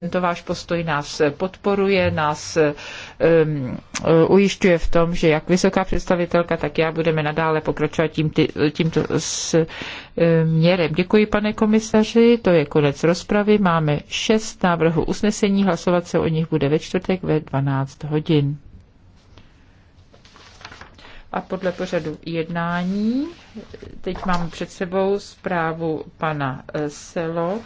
Tento váš postoj nás podporuje, nás um, ujišťuje v tom, že jak vysoká představitelka, tak já budeme nadále pokračovat tím, ty, tímto s, Um, Děkuji, pane komisaři, to je konec rozpravy. Máme šest návrhů usnesení, hlasovat se o nich bude ve čtvrtek ve 12 hodin. A podle pořadu jednání, teď mám před sebou zprávu pana eh, Selo.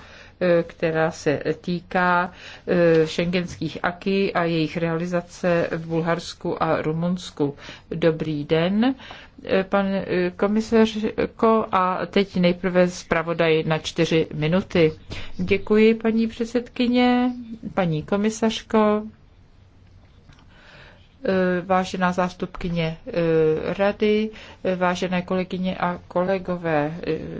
Eh, která se týká eh, šengenských aky a jejich realizace v Bulharsku a Rumunsku. Dobrý den, eh, pan komisařko, a teď nejprve zpravodaj na čtyři minuty. Děkuji, paní předsedkyně, paní komisařko. Eh, vážená zástupkyně eh, rady, eh, vážené kolegyně a kolegové,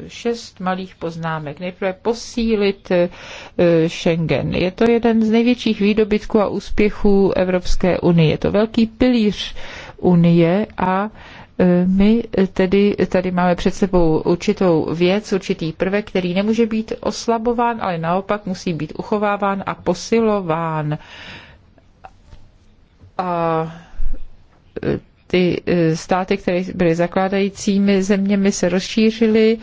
šest malých poznámek. Nejprve posílit Schengen. Je to jeden z největších výdobytků a úspěchů Evropské unie. Je to velký pilíř unie a my tedy tady máme před sebou určitou věc, určitý prvek, který nemůže být oslabován, ale naopak musí být uchováván a posilován a e, ty e, státy, které byly zakládajícími zeměmi, se rozšířily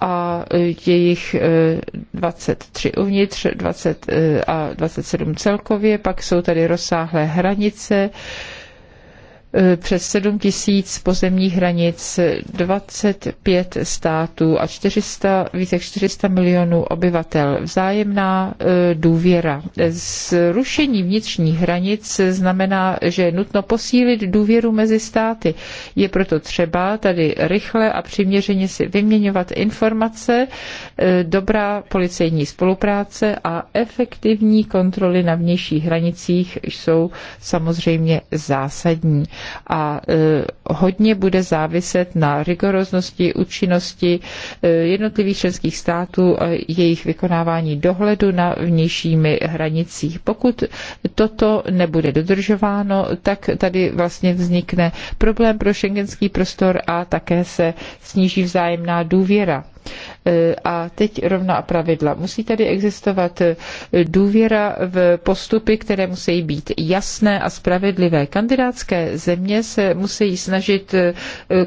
a jejich 23 e, uvnitř 20 a 27 celkově. Pak jsou tady rozsáhlé hranice Eh, přes 7 tisíc pozemních hranic, 25 států a 400, více 400 milionů obyvatel. Vzájemná eh, důvěra. Eh, zrušení vnitřních hranic znamená, že je nutno posílit důvěru mezi státy. Je proto třeba tady rychle a přiměřeně si vyměňovat informace, dobrá policejní spolupráce a efektivní kontroly na vnějších hranicích jsou samozřejmě zásadní a e, hodně bude záviset na rigoroznosti, účinnosti e, jednotlivých členských států a jejich vykonávání dohledu na vnějšími hranicích. Pokud toto nebude dodržováno, tak tady vlastně vznikne problém pro šengenský prostor a také se sníží vzájemná důvěra. E, a teď rovná pravidla. Musí tady existovat e, důvěra v postupy, které musí být jasné a spravedlivé. Kandidátské země se musí snažit e,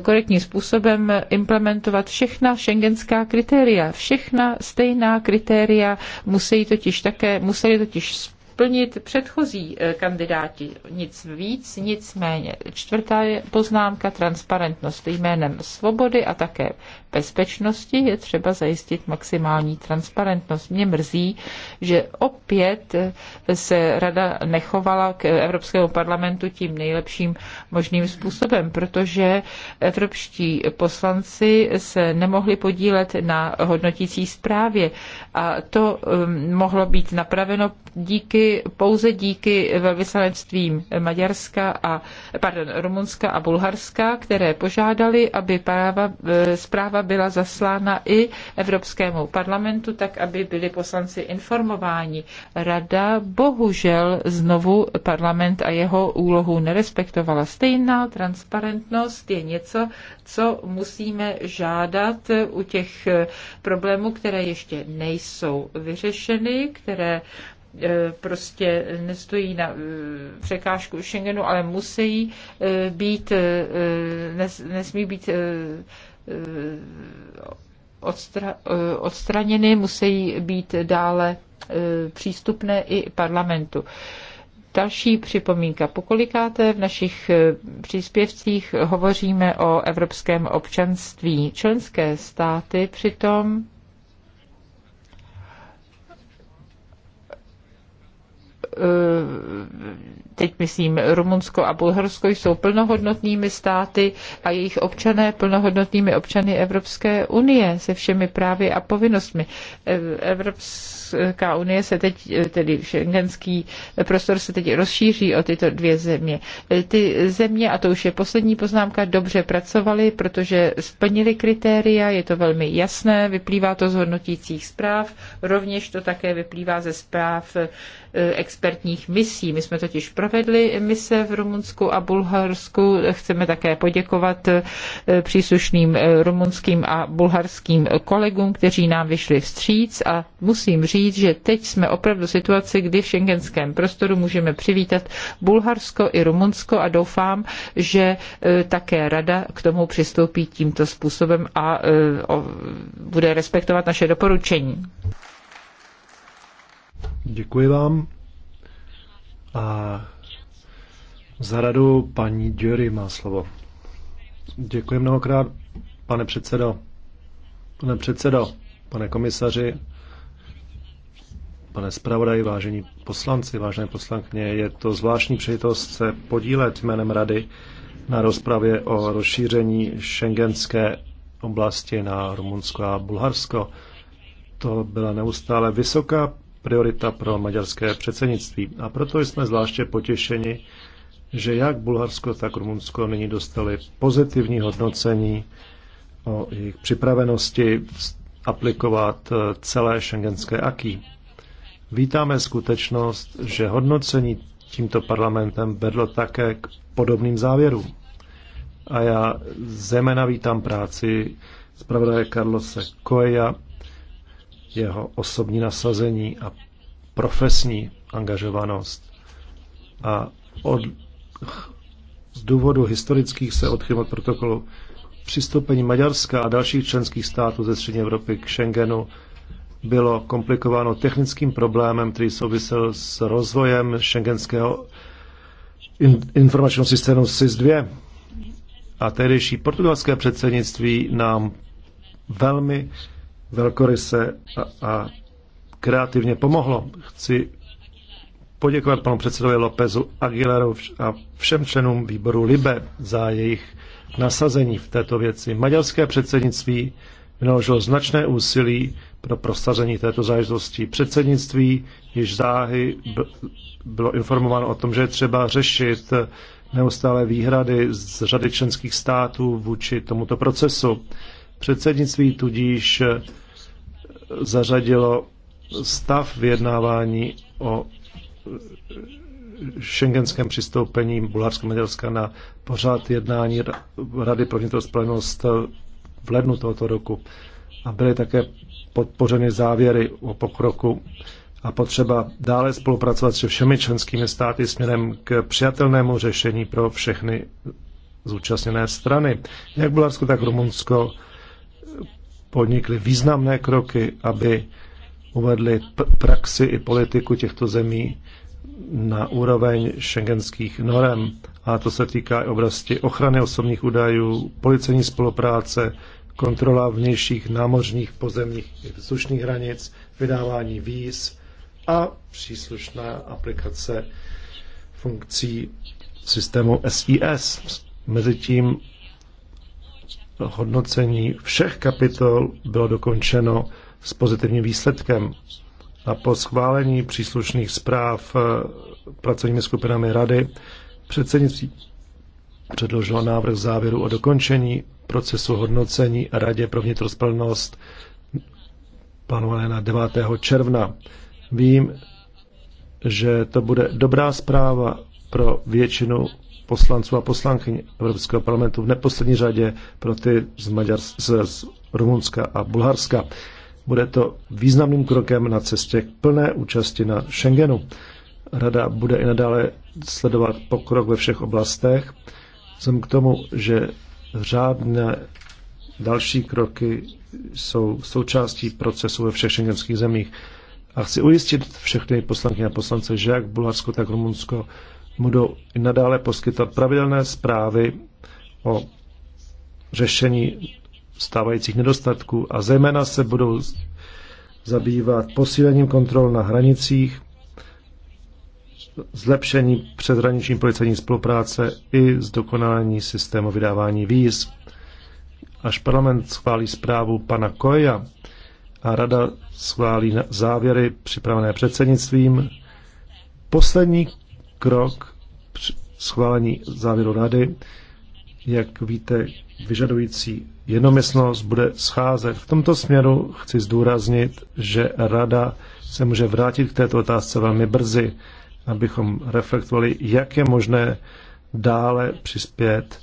korektním způsobem implementovat všechna šengenská kritéria. Všechna stejná kritéria musí totiž také, museli totiž plnit předchozí eh, kandidáti. Nic víc, nic méně. Čtvrtá je poznámka transparentnost jménem svobody a také bezpečnosti je třeba zajistit maximální transparentnost. Mě mrzí, že opět eh, se rada nechovala k Evropskému parlamentu tím nejlepším možným způsobem, protože evropští poslanci se nemohli podílet na hodnotící zprávě a to eh, mohlo být napraveno díky pouze díky velvyslanectvím Maďarska a, pardon, Rumunska a Bulharska, které požádali, aby práva, e, zpráva byla zaslána i Evropskému parlamentu, tak aby byli poslanci informováni. Rada bohužel znovu parlament a jeho úlohu nerespektovala. Stejná transparentnost je něco, co musíme žádat u těch e, problémů, které ještě nejsou vyřešeny, které E, prostě nestojí na e, překážku Schengenu, ale musí e, být, nesmí být odstraněny, musí být dále přístupné i parlamentu. Další připomínka. Pokolikáte v našich příspěvcích hovoříme o evropském občanství. Členské státy přitom Eh, teď myslím Rumunsko a Bulharsko, jsou plnohodnotnými státy a jejich občané plnohodnotnými občany Evropské unie se všemi právy a povinnostmi. Eh, Evropská unie se teď, eh, tedy šengenský prostor se teď rozšíří o tyto dvě země. Ty země, a to už je poslední poznámka, dobře pracovaly, protože splnili kritéria, je to velmi jasné, vyplývá to z hodnotících zpráv, rovněž to také vyplývá ze zpráv Eh, expertních misí. My jsme totiž provedli mise v Rumunsku a Bulharsku. Chceme také poděkovat eh, příslušným eh, rumunským a bulharským kolegům, kteří nám vyšli vstříc a musím říct, že teď jsme opravdu v situaci, kdy v šengenském prostoru můžeme přivítat Bulharsko i Rumunsko a doufám, že také rada k tomu přistoupí tímto způsobem a bude respektovat naše doporučení. Děkuji vám. A za radu paní Jury má slovo. Děkuji mnohokrát, pane předsedo. Pane předsedo, pane komisaři, pane zpravodaji, vážení poslanci, vážené poslankyně, je to zvláštní přejitost se podílet jménem Rady na rozpravě o rozšíření šengenské oblasti na Rumunsko a Bulharsko. To byla neustále vysoká priorita pro maďarské předsednictví. A proto jsme zvláště potěšeni, že jak Bulharsko, tak Rumunsko nyní dostali pozitivní hodnocení o jejich připravenosti aplikovat eh, celé šengenské aký. Vítáme skutečnost, že hodnocení tímto parlamentem vedlo také k podobným závěrům. A já zejména vítám práci zpravodaje Carlose Koeja jeho osobní nasazení a profesní angažovanost. A od, z důvodu historických se odchylil od protokolu přistoupení Maďarska a dalších členských států ze střední Evropy k Schengenu bylo komplikováno technickým problémem, který souvisel s rozvojem šengenského informačního systému SIS-2. A tehdejší portugalské předsednictví nám velmi velkoryse a, a kreativně pomohlo. Chci poděkovat panu předsedovi Lopezu Aguilaru a všem členům výboru Libe za jejich nasazení v této věci. Maďarské předsednictví vynaložilo značné úsilí pro prosazení této záležitosti. Předsednictví již záhy bylo informováno o tom, že je třeba řešit neustále výhrady z řady členských států vůči tomuto procesu. Předsednictví tudíž zařadilo stav vyjednávání o šengenském přistoupení Bulharsko-Maďarska na pořád jednání Rady pro vnitřní spravedlnost v lednu tohoto roku a byly také podpořeny závěry o pokroku a potřeba dále spolupracovat se všemi členskými státy směrem k přijatelnému řešení pro všechny zúčastněné strany. Jak Bulharsko, tak Rumunsko podnikli významné kroky, aby uvedli praxi i politiku těchto zemí na úroveň šengenských norem. A to se týká i oblasti ochrany osobních údajů, policejní spolupráce, kontrola vnějších námořních, pozemních i vzdušných hranic, vydávání víz a příslušná aplikace funkcí systému SIS. Mezitím hodnocení všech kapitol bylo dokončeno s pozitivním výsledkem. A po schválení příslušných zpráv eh, pracovními skupinami rady předsednictví předložilo návrh závěru o dokončení procesu hodnocení Radě pro vnitrospelnost plánované na 9. června. Vím, že to bude dobrá zpráva pro většinu poslanců a poslankyň Evropského parlamentu, v neposlední řadě pro ty z, Maďars, z, z Rumunska a Bulharska. Bude to významným krokem na cestě k plné účasti na Schengenu. Rada bude i nadále sledovat pokrok ve všech oblastech, Jsem k tomu, že řádné další kroky jsou součástí procesu ve všech šengenských zemích. A chci ujistit všechny poslanky a poslance, že jak Bulharsko, tak Rumunsko budou i nadále poskytovat pravidelné zprávy o řešení stávajících nedostatků a zejména se budou zabývat posílením kontrol na hranicích, zlepšení přeshraniční policejní spolupráce i zdokonalení systému vydávání víz. Až parlament schválí zprávu pana Koja a rada schválí závěry připravené předsednictvím, poslední krok při schválení závěru rady, jak víte, vyžadující jednomyslnost bude scházet. V tomto směru chci zdůraznit, že rada se může vrátit k této otázce velmi brzy, abychom reflektovali, jak je možné dále přispět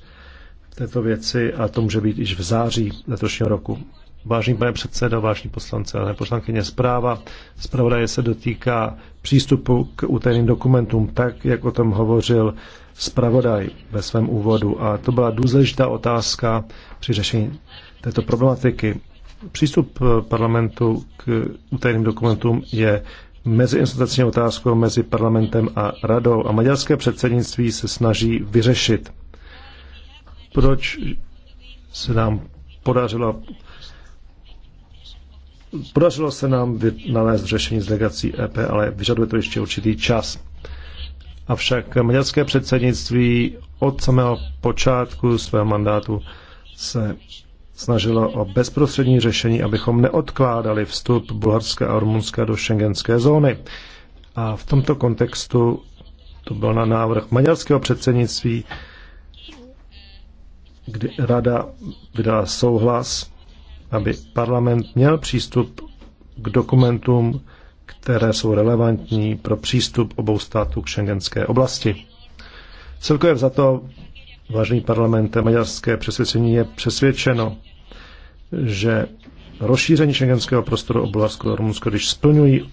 této věci a to může být již v září letošního roku. Vážený pane předsedo, vážení poslanci ale poslankyně, zpráva zpravodaje se dotýká přístupu k utajeným dokumentům, tak jak o tom hovořil zpravodaj ve svém úvodu. A to byla důležitá otázka při řešení této problematiky. Přístup eh, parlamentu k utajeným dokumentům je meziinstitucionální otázkou mezi parlamentem a radou a maďarské předsednictví se snaží vyřešit. Proč se nám podařilo Podařilo se nám nalézt řešení s legací EP, ale vyžaduje to ještě určitý čas. Avšak maďarské předsednictví od samého počátku svého mandátu se snažilo o bezprostřední řešení, abychom neodkládali vstup Bulharska a Rumunska do šengenské zóny. A v tomto kontextu to byl na návrh maďarského předsednictví, kdy rada vydala souhlas aby parlament měl přístup k dokumentům, které jsou relevantní pro přístup obou států k šengenské oblasti. Celkově za to, vážný parlamente, maďarské přesvědčení je přesvědčeno, že rozšíření šengenského prostoru o Bulharsko a Rumunsko, když splňují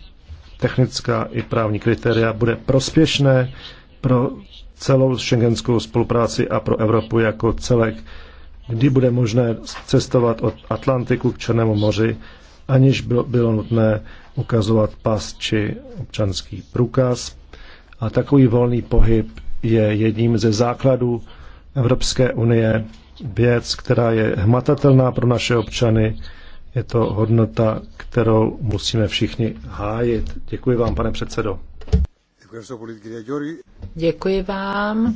technická i právní kritéria, bude prospěšné pro celou šengenskou spolupráci a pro Evropu jako celek kdy bude možné cestovat od Atlantiku k Černému moři, aniž bylo, nutné ukazovat pas či občanský průkaz. A takový volný pohyb je jedním ze základů Evropské unie, věc, která je hmatatelná pro naše občany. Je to hodnota, kterou musíme všichni hájit. Děkuji vám, pane předsedo. Děkuji vám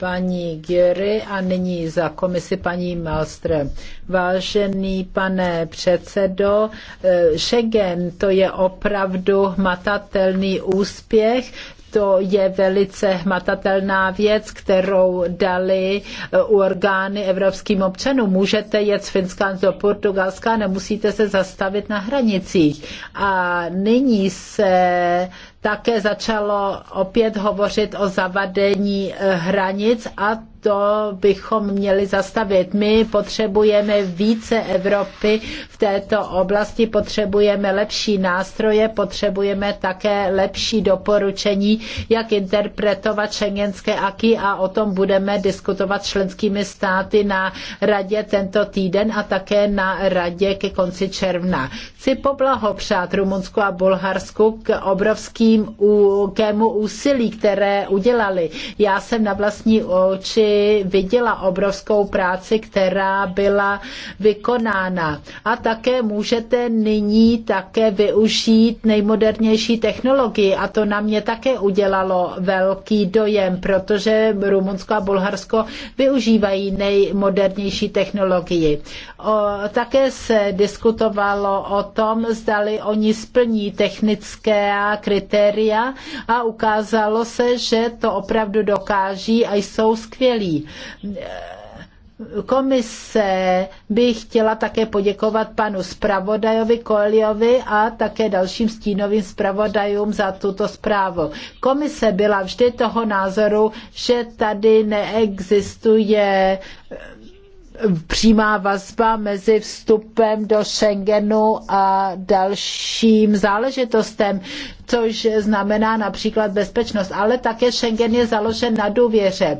paní Gyuri a nyní za komisi paní Malström. Vážený pane předsedo, eh, Schengen to je opravdu hmatatelný úspěch to je velice hmatatelná věc, kterou dali eh, orgány evropským občanům. Můžete jet z Finska do Portugalska, nemusíte se zastavit na hranicích. A nyní se také začalo opět hovořit o zavadení eh, hranic a to bychom měli zastavit. My potřebujeme více Evropy v této oblasti, potřebujeme lepší nástroje, potřebujeme také lepší doporučení, jak interpretovat šengenské aky a o tom budeme diskutovat s členskými státy na radě tento týden a také na radě ke konci června. Chci poblahopřát Rumunsku a Bulharsku k obrovskému úsilí, které udělali. Já jsem na vlastní oči viděla obrovskou práci, která byla vykonána. A také můžete nyní také využít nejmodernější technologii a to na mě také udělalo velký dojem, protože Rumunsko a Bulharsko využívají nejmodernější technologii. O, také se diskutovalo o tom, zdali oni splní technické kritéria a ukázalo se, že to opravdu dokáží a jsou skvělí malý. Komise bych chtěla také poděkovat panu zpravodajovi Koliovi a také dalším stínovým zpravodajům za tuto zprávu. Komise byla vždy toho názoru, že tady neexistuje eh, přímá vazba mezi vstupem do Schengenu a dalším záležitostem, což znamená například bezpečnost. Ale také Schengen je založen na důvěře.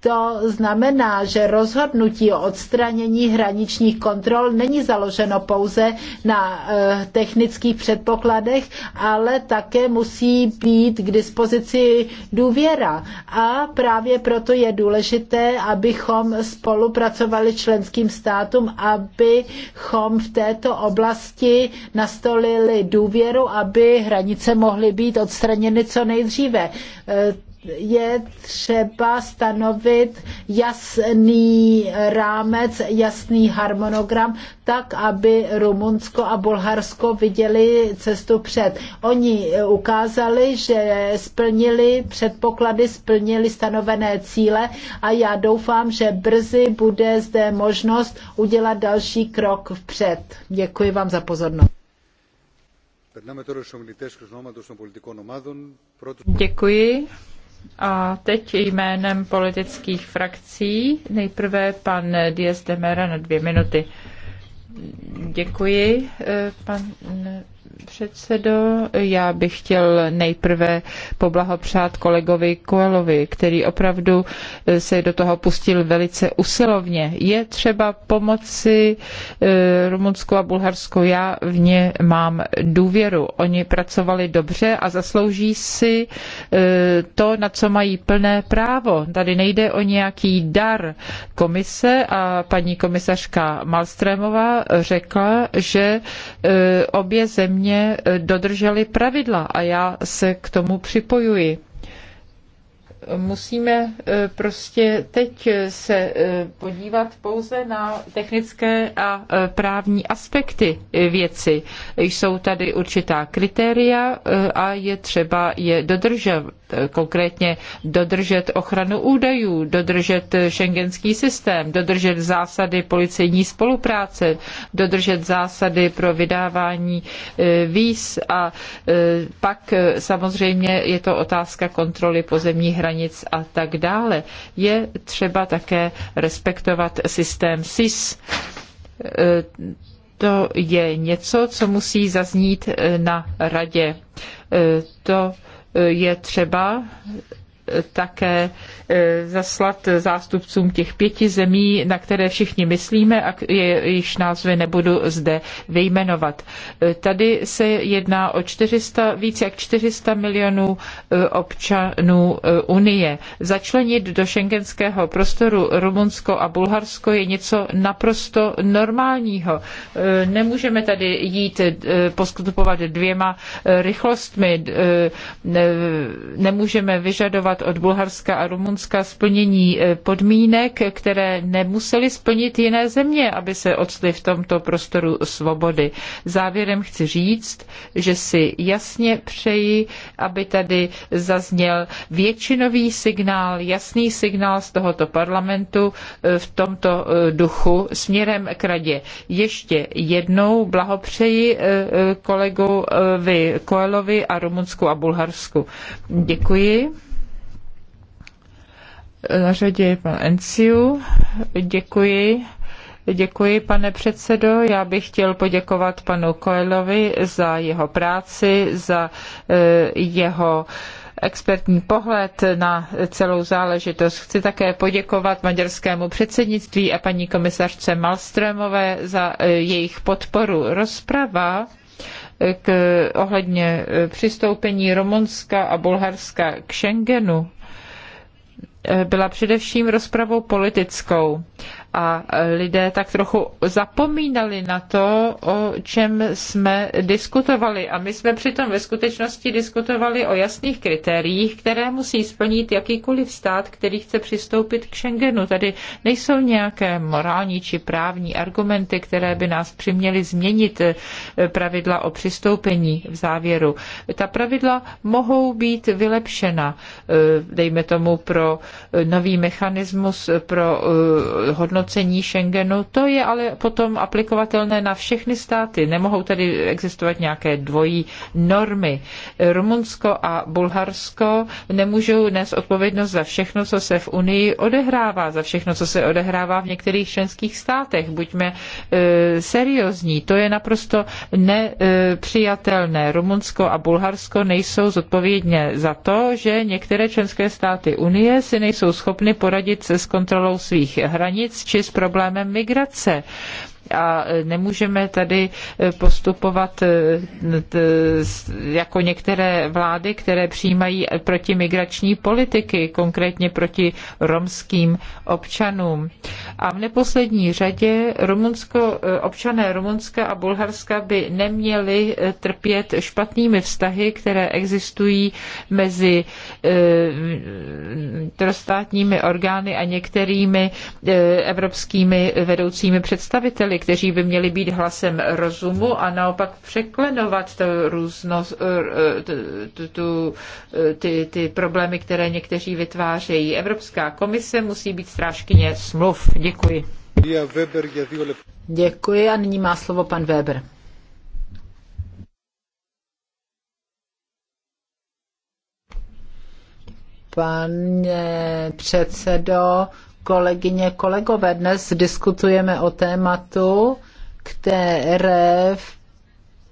To znamená, že rozhodnutí o odstranění hraničních kontrol není založeno pouze na eh, technických předpokladech, ale také musí být k dispozici důvěra. A právě proto je důležité, abychom spolupracovali členským státům, abychom v této oblasti nastolili důvěru, aby hranice mohly být odstraněny co nejdříve. Eh, je třeba stanovit jasný rámec, jasný harmonogram, tak, aby Rumunsko a Bulharsko viděli cestu před. Oni ukázali, že splnili předpoklady, splnili stanovené cíle a já doufám, že brzy bude zde možnost udělat další krok vpřed. Děkuji vám za pozornost. Děkuji. A teď jménem politických frakcí. Nejprve pan Diaz de Mera na dvě minuty. Děkuji, eh, pan předsedo. Já bych chtěl nejprve poblahopřát kolegovi Koelovi, který opravdu eh, se do toho pustil velice usilovně. Je třeba pomoci eh, Rumunsku a Bulharsku. Já v ně mám důvěru. Oni pracovali dobře a zaslouží si eh, to, na co mají plné právo. Tady nejde o nějaký dar komise a paní komisařka Malstrémová řekla, že obě země země eh, dodržely pravidla a já se k tomu připojuji musíme eh, prostě teď eh, se podívat pouze na technické a právní aspekty věci. Jsou tady určitá kritéria a je třeba je dodržet konkrétně dodržet ochranu údajů, dodržet šengenský systém, dodržet zásady policejní spolupráce, dodržet zásady pro vydávání e, víz a e, pak e, samozřejmě je to otázka kontroly pozemních hranic a tak dále. Je třeba také respektovat systém SIS to je něco, co musí zaznít na radě. To je třeba také e, zaslat zástupcům těch pěti zemí, na které všichni myslíme a jejichž názvy nebudu zde vyjmenovat. E, tady se jedná o 400, více jak 400 milionů e, občanů Unie. Začlenit do šengenského prostoru Rumunsko a Bulharsko je něco naprosto normálního. Nemůžeme tady jít poskutupovat dvěma rychlostmi, nemůžeme vyžadovat od Bulharska a Rumunska splnění e, podmínek, které nemuseli splnit jiné země, aby se odstly v tomto prostoru svobody. Závěrem chci říct, že si jasně přeji, aby tady zazněl většinový signál, jasný signál z tohoto parlamentu e, v tomto e, duchu směrem k radě. Ještě jednou blahopřeji kolegovi Koelovi a Rumunsku a Bulharsku. Děkuji. Na řadě je pan Enciu. Děkuji. Děkuji, pane předsedo. Já bych chtěl poděkovat panu Koelovi za jeho práci, za eh, jeho expertní pohled na celou záležitost. Chci také poděkovat maďarskému předsednictví a paní komisařce Malströmové za eh, jejich podporu. Rozprava eh, k, ohledně přistoupení Romunska a Bulharska k Schengenu Eh, byla především rozpravou politickou a lidé tak trochu zapomínali na to, o čem jsme diskutovali. A my jsme přitom ve skutečnosti diskutovali o jasných kritériích, které musí splnit jakýkoliv stát, který chce přistoupit k Schengenu. Tady nejsou nějaké morální či právní argumenty, které by nás přiměly změnit eh, pravidla o přistoupení v závěru. Ta pravidla mohou být vylepšena, eh, dejme tomu, pro nový mechanismus pro eh, hodnotu sjednocení Schengenu. To je ale potom aplikovatelné na všechny státy. Nemohou tedy existovat nějaké dvojí normy. Rumunsko a Bulharsko nemůžou nést odpovědnost za všechno, co se v Unii odehrává, za všechno, co se odehrává v některých členských státech. Buďme e, seriózní. To je naprosto nepřijatelné. E, Rumunsko a Bulharsko nejsou zodpovědně za to, že některé členské státy Unie si nejsou schopny poradit se s kontrolou svých hranic či s problémem migrace a nemůžeme tady eh, postupovat eh, jako některé vlády, které přijímají protimigrační politiky, konkrétně proti romským občanům. A v neposlední řadě Rumunsko, eh, občané Rumunska a Bulharska by neměli trpět špatnými vztahy, které existují mezi trostátními orgány a některými evropskými vedoucími představiteli, kteří by měli být hlasem rozumu a naopak překlenovat to různo, eh, tu, tu, eh, ty, ty problémy, které někteří vytvářejí. Evropská komise musí být strážkyně smluv. Děkuji. Děkuji a nyní má slovo pan Weber. Pane předsedo, kolegyně, kolegové, dnes diskutujeme o tématu, které v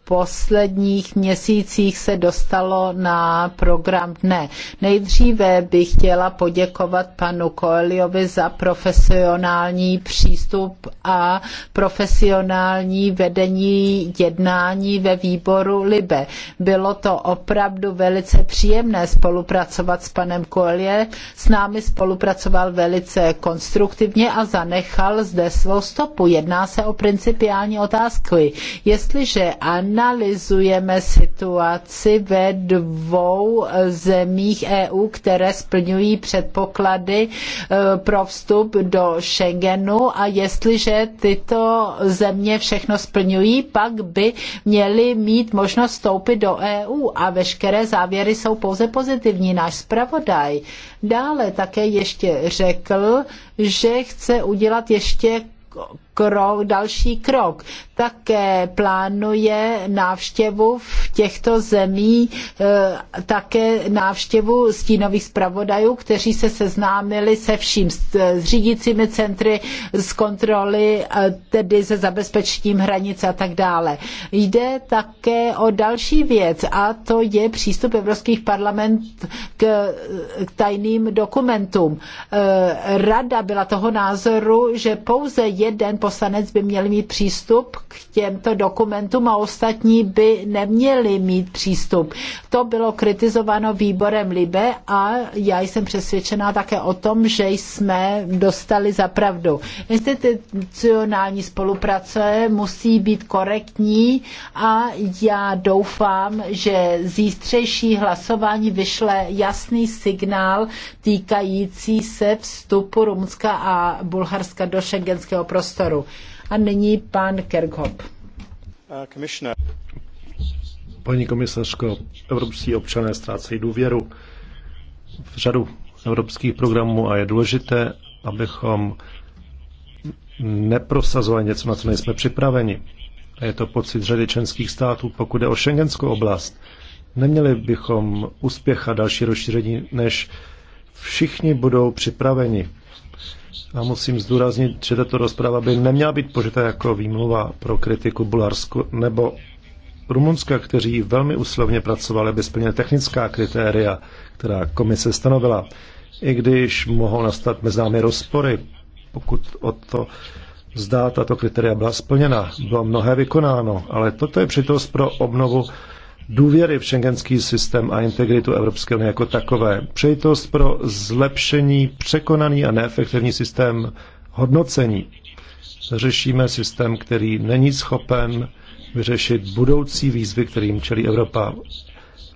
posledních měsících se dostalo na program dne. Nejdříve bych chtěla poděkovat panu Koeliovi za profesionální přístup a profesionální vedení jednání ve výboru Libe. Bylo to opravdu velice příjemné spolupracovat s panem Koelie. S námi spolupracoval velice konstruktivně a zanechal zde svou stopu. Jedná se o principiální otázky. Jestliže ano, analyzujeme situaci ve dvou zemích EU, které splňují předpoklady e, pro vstup do Schengenu a jestliže tyto země všechno splňují, pak by měly mít možnost vstoupit do EU a veškeré závěry jsou pouze pozitivní. Náš zpravodaj dále také ještě řekl, že chce udělat ještě krok, další krok. Také plánuje návštěvu v těchto zemí, eh, také návštěvu stínových zpravodajů, kteří se seznámili se vším, s eh, řídícími centry, s kontroly, eh, tedy se zabezpečením hranic a tak dále. Jde také o další věc a to je přístup Evropských parlament k, k tajným dokumentům. Rada byla toho názoru, že pouze jeden poslanec by měl mít přístup k těmto dokumentům a ostatní by neměli mít přístup. To bylo kritizováno výborem Libe a já jsem přesvědčená také o tom, že jsme dostali za pravdu. Institucionální spolupráce musí být korektní a já doufám, že zítřejší hlasování vyšle jasný signál týkající se vstupu Rumunska a Bulharska do šengenského prostoru sektoru. A nyní pan Kerkhop. Uh, Paní komisařko, evropští občané ztrácejí důvěru v řadu evropských programů a je důležité, abychom neprosazovali něco, na co nejsme připraveni. A je to pocit řady členských států, pokud je o šengenskou oblast. Neměli bychom úspěch a další rozšíření, než všichni budou připraveni a musím zdůraznit, že tato rozprava by neměla být požita jako výmluva pro kritiku Bulharsku nebo Rumunska, kteří velmi úslovně pracovali, aby splnili technická kritéria, která komise stanovila. I když mohou nastat mezi námi rozpory, pokud o to zdá tato kritéria byla splněna, bylo mnohé vykonáno, ale toto je přitost pro obnovu důvěry v šengenský systém a integritu Evropské unie jako takové. Přejitost pro zlepšení překonaný a neefektivní systém hodnocení. Řešíme systém, který není schopen vyřešit budoucí výzvy, kterým čelí Evropa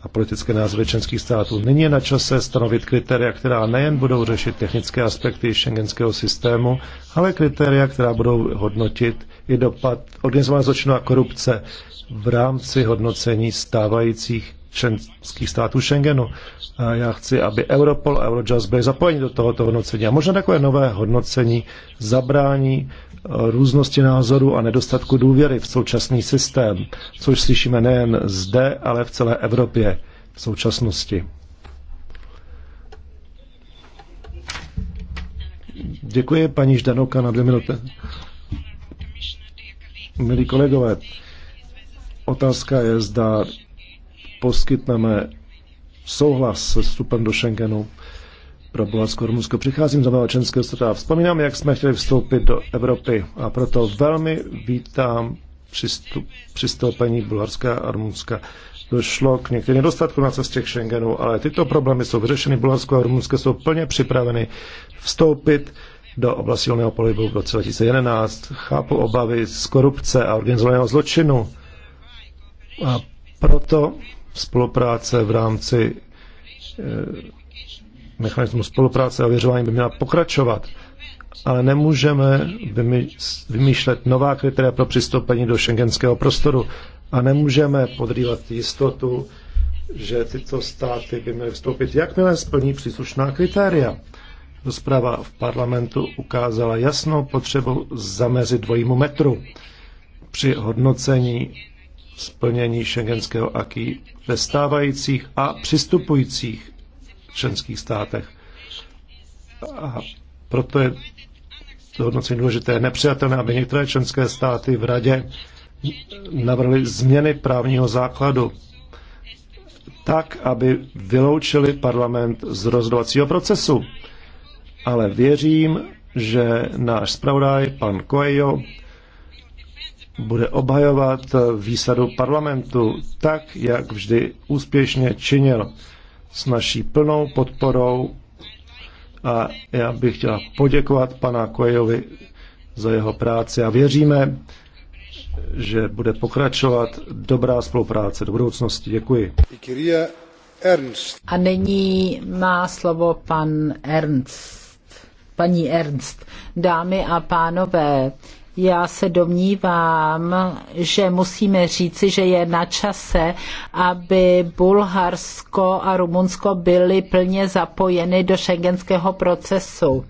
a politické názory členských států. Nyní je na čase stanovit kritéria, která nejen budou řešit technické aspekty šengenského systému, ale kritéria, která budou hodnotit i dopad organizovaného zločinu a korupce v rámci hodnocení stávajících členských států Schengenu. A já chci, aby Europol a Eurojust byly zapojeni do tohoto hodnocení. A možná takové nové hodnocení zabrání eh, různosti názoru a nedostatku důvěry v současný systém, což slyšíme nejen zde, ale v celé Evropě v současnosti. Děkuji paní ždanouka na dvě minuty. Milí kolegové, otázka je, zda poskytneme souhlas se vstupem do Schengenu pro Bulharsko Rumunsko. Přicházím z nového členského státu a vzpomínám, jak jsme chtěli vstoupit do Evropy a proto velmi vítám přistup, přistoupení Bulharska a Rumunska. Došlo k některým nedostatkům na cestě k Schengenu, ale tyto problémy jsou vyřešeny. Bulharsko a Rumunsko jsou plně připraveny vstoupit do oblasti volného pohybu v roce 2011. Chápu obavy z korupce a organizovaného zločinu. A proto spolupráce v rámci eh, mechanismu spolupráce a věřování by měla pokračovat, ale nemůžeme vymýšlet nová kritéria pro přistoupení do šengenského prostoru a nemůžeme podrývat jistotu, že tyto státy by měly vstoupit, jakmile splní příslušná kritéria. Rozprava v parlamentu ukázala jasnou potřebu zamezit dvojímu metru při hodnocení splnění šengenského aký ve stávajících a přistupujících členských státech. A proto je to hodnocení důležité. Nepřijatelné, aby některé členské státy v radě navrhly změny právního základu tak, aby vyloučili parlament z rozhodovacího procesu. Ale věřím, že náš zpravodaj, pan Coelho, bude obhajovat výsadu parlamentu tak, jak vždy úspěšně činil s naší plnou podporou a já bych chtěla poděkovat pana Kojovi za jeho práci a věříme, že bude pokračovat dobrá spolupráce do budoucnosti. Děkuji. A nyní má slovo pan Ernst. Paní Ernst, dámy a pánové, já se domnívám, že musíme říci, že je na čase, aby Bulharsko a Rumunsko byly plně zapojeny do šengenského procesu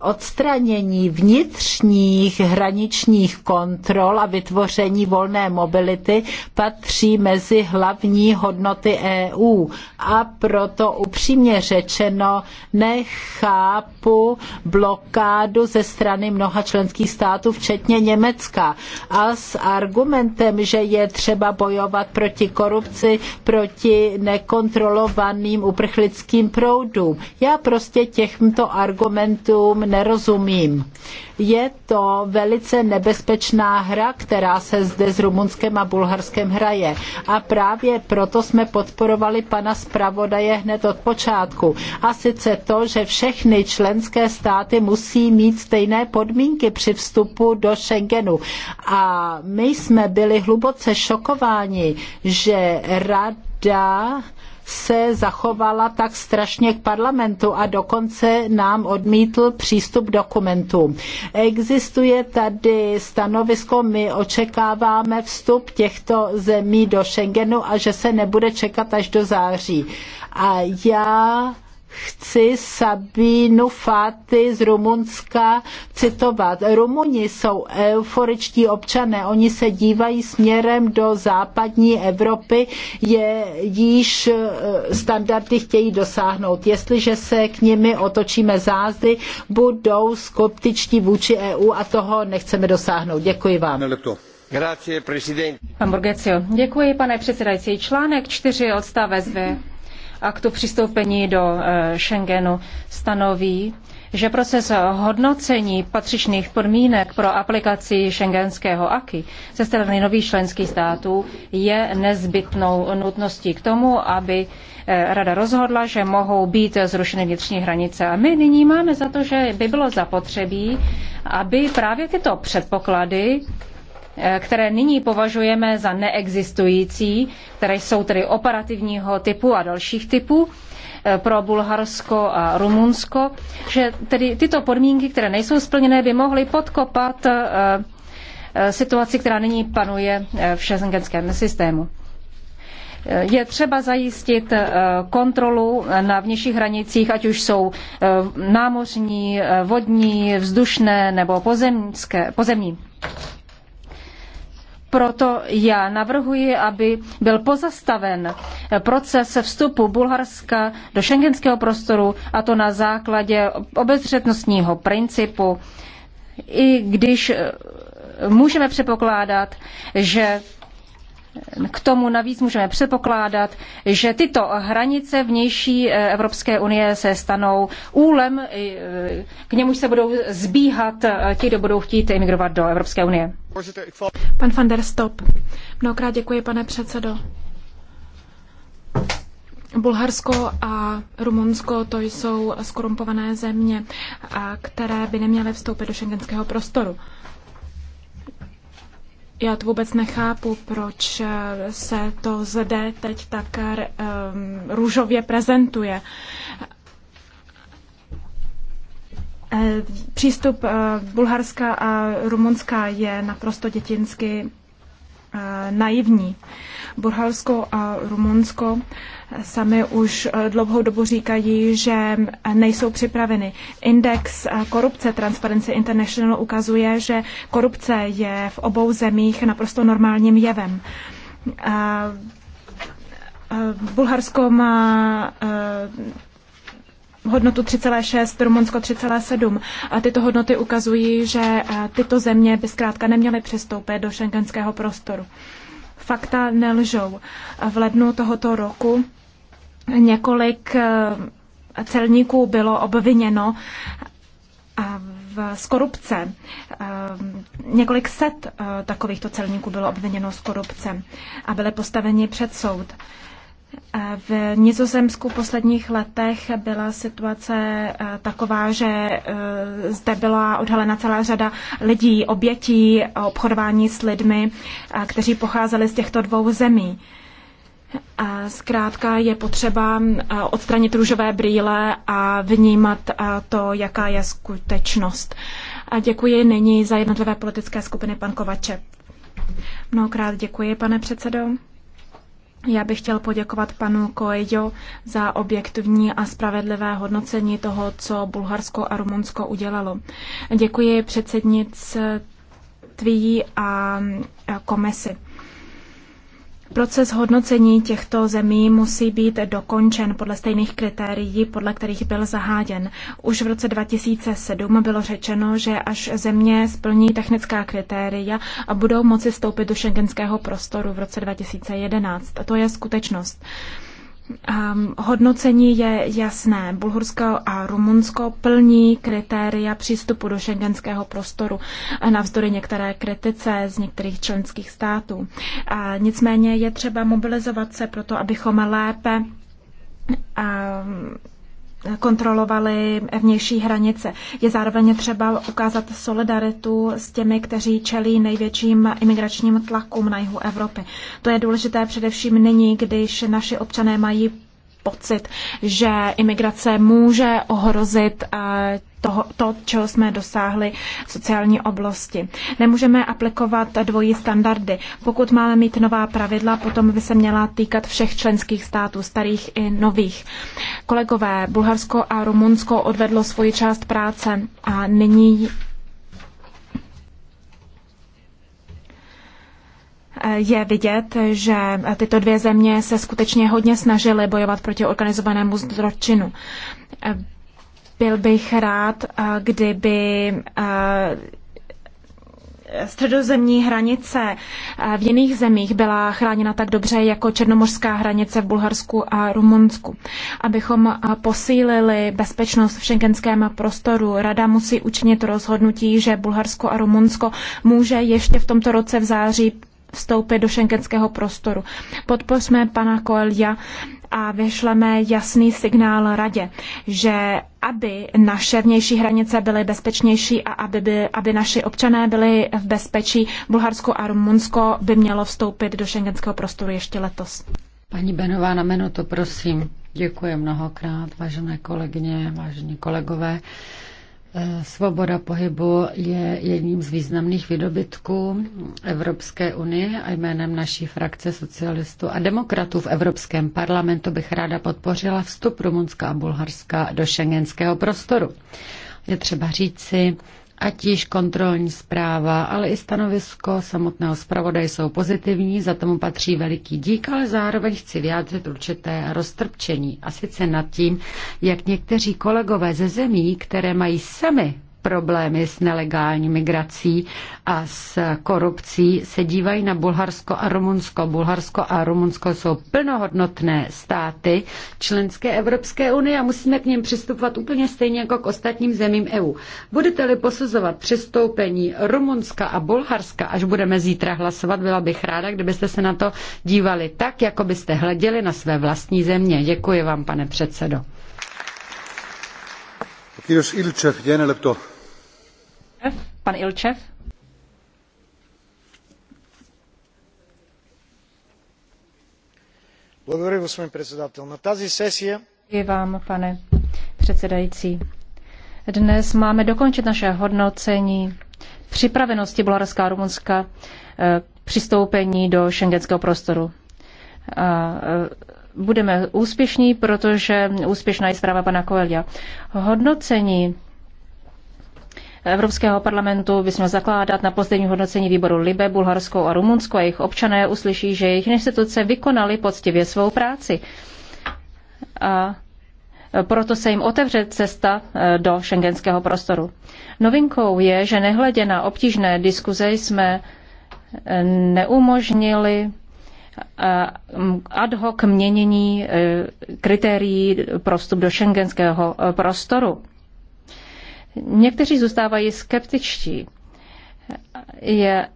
odstranění vnitřních hraničních kontrol a vytvoření volné mobility patří mezi hlavní hodnoty EU. A proto upřímně řečeno nechápu blokádu ze strany mnoha členských států, včetně Německa. A s argumentem, že je třeba bojovat proti korupci, proti nekontrolovaným uprchlickým proudům. Já prostě těchto argumentům nerozumím. Je to velice nebezpečná hra, která se zde s Rumunskem a Bulharskem hraje. A právě proto jsme podporovali pana zpravodaje hned od počátku. A sice to, že všechny členské státy musí mít stejné podmínky při vstupu do Schengenu. A my jsme byli hluboce šokováni, že rada se zachovala tak strašně k parlamentu a dokonce nám odmítl přístup dokumentům. Existuje tady stanovisko, my očekáváme vstup těchto zemí do Schengenu a že se nebude čekat až do září. A já chci Sabínu Fáty z Rumunska citovat. Rumuni jsou euforičtí občané, oni se dívají směrem do západní Evropy, je již eh, standardy chtějí dosáhnout. Jestliže se k nimi otočíme zázdy, budou skoptičtí vůči EU a toho nechceme dosáhnout. Děkuji vám. Grazie, Pan Borgecio, děkuji, pane předsedající. Článek 4 odstavec 2 aktu přistoupení do eh, Schengenu stanoví, že proces hodnocení patřičných podmínek pro aplikaci šengenského AKI ze strany nových členských států je nezbytnou nutností k tomu, aby eh, Rada rozhodla, že mohou být zrušeny vnitřní hranice. A my nyní máme za to, že by bylo zapotřebí, aby právě tyto předpoklady Eh, které nyní považujeme za neexistující, které jsou tedy operativního typu a dalších typů eh, pro Bulharsko a Rumunsko, že tedy tyto podmínky, které nejsou splněné, by mohly podkopat eh, situaci, která nyní panuje v šesengenském systému. Je třeba zajistit kontrolu na vnějších hranicích, ať už jsou námořní, vodní, vzdušné nebo pozemské, pozemní. Proto já navrhuji, aby byl pozastaven proces vstupu Bulharska do šengenského prostoru, a to na základě obezřetnostního principu, i když eh, můžeme předpokládat, že k tomu navíc můžeme předpokládat, že tyto hranice vnější eh, Evropské unie se stanou úlem, eh, k němuž se budou zbíhat eh, ti, kdo budou chtít imigrovat do Evropské unie. Pan van der Stop, mnohokrát děkuji, pane předsedo. Bulharsko a Rumunsko to jsou skorumpované země, které by neměly vstoupit do šengenského prostoru. Já to vůbec nechápu, proč eh, se to zde teď tak eh, mm, růžově prezentuje. Eh, přístup Bulharska a Rumunska je naprosto dětinsky naivní. Bulharsko a Rumunsko sami už eh, dlouhou dobu říkají, že nejsou připraveny. Index eh, korupce Transparency International ukazuje, že korupce je v obou zemích naprosto normálním jevem. Eh, Bulharsko má hodnotu 3,6, Rumunsko 3,7. A tyto hodnoty ukazují, že tyto země by zkrátka neměly přistoupit do šengenského prostoru. Fakta nelžou. V lednu tohoto roku několik eh, celníků bylo obviněno eh, z korupce. Eh, několik set takovýchto celníků bylo obviněno z korupce a byly postaveni před soud. V Nizozemsku v posledních letech byla situace eh, taková, že eh, zde byla odhalena celá řada lidí, obětí obchodování s lidmi, eh, kteří pocházeli z těchto dvou zemí. A zkrátka je potřeba odstranit růžové brýle a vnímat to, jaká je skutečnost. A děkuji nyní za jednotlivé politické skupiny pan Kovače. Mnohokrát děkuji, pane předsedo. Já bych chtěl poděkovat panu Coelho za objektivní a spravedlivé hodnocení toho, co Bulharsko a Rumunsko udělalo. Děkuji předsednictví a komisi. Proces hodnocení těchto zemí musí být dokončen podle stejných kritérií, podle kterých byl zaháděn. Už v roce 2007 bylo řečeno, že až země splní technická kritéria a budou moci vstoupit do šengenského prostoru v roce 2011. A to je skutečnost. Um, hodnocení je jasné. Bulharsko a Rumunsko plní kritéria přístupu do šengenského prostoru navzdory některé kritice z některých členských států. A nicméně je třeba mobilizovat se proto, abychom lépe um, kontrolovali vnější hranice. Je zároveň třeba ukázat solidaritu s těmi, kteří čelí největším imigračním tlakům na jihu Evropy. To je důležité především nyní, když naši občané mají pocit, že imigrace může ohrozit eh, toho, to, čeho jsme dosáhli v sociální oblasti. Nemůžeme aplikovat dvojí standardy. Pokud máme mít nová pravidla, potom by se měla týkat všech členských států, starých i nových. Kolegové, Bulharsko a Rumunsko odvedlo svoji část práce a nyní je vidět, že tyto dvě země se skutečně hodně snažily bojovat proti organizovanému zločinu. Byl bych rád, kdyby eh, středozemní hranice eh, v jiných zemích byla chráněna tak dobře jako černomořská hranice v Bulharsku a Rumunsku. Abychom eh, posílili bezpečnost v šengenském prostoru, Rada musí učinit rozhodnutí, že Bulharsko a Rumunsko může ještě v tomto roce v září vstoupit do šengenského prostoru. Podpořme pana Koelia a vyšleme jasný signál radě, že aby naše vnější hranice byly bezpečnější a aby, by, aby naši občané byli v bezpečí, Bulharsko a Rumunsko by mělo vstoupit do šengenského prostoru ještě letos. Paní Benová, na minutu, prosím. Děkuji mnohokrát, vážené kolegyně, vážení kolegové. Eh, svoboda pohybu je jedním z významných vydobytků Evropské unie a jménem naší frakce socialistů a demokratů v Evropském parlamentu bych ráda podpořila vstup Rumunska a Bulharska do šengenského prostoru. Je třeba říci, Ať již kontrolní zpráva, ale i stanovisko samotného zpravodaje jsou pozitivní, za tomu patří veliký dík, ale zároveň chci vyjádřit určité roztrpčení. A sice nad tím, jak někteří kolegové ze zemí, které mají sami problémy s nelegální migrací a s korupcí, se dívají na Bulharsko a Rumunsko. Bulharsko a Rumunsko jsou plnohodnotné státy členské Evropské unie a musíme k něm přistupovat úplně stejně jako k ostatním zemím EU. Budete-li posuzovat přistoupení Rumunska a Bulharska, až budeme zítra hlasovat, byla bych ráda, kdybyste se na to dívali tak, jako byste hleděli na své vlastní země. Děkuji vám, pane předsedo. Ilčev, Pan Ilčev. Děkuji vám, pane předsedající. Dnes máme dokončit naše hodnocení připravenosti Bulharska a Rumunska eh, přistoupení do schengenského prostoru. Eh, budeme úspěšní, protože úspěšná je zpráva pana Koelia. Hodnocení Evropského parlamentu by měl zakládat na poslední hodnocení výboru Libe, Bulharsko a Rumunsko a jejich občané uslyší, že jejich instituce vykonaly poctivě svou práci. A proto se jim otevře cesta e, do šengenského prostoru. Novinkou je, že nehledě na obtížné diskuze jsme e, neumožnili Eh, ad hoc měnění eh, kritérií pro vstup do šengenského eh, prostoru. Někteří zůstávají skeptičtí. Je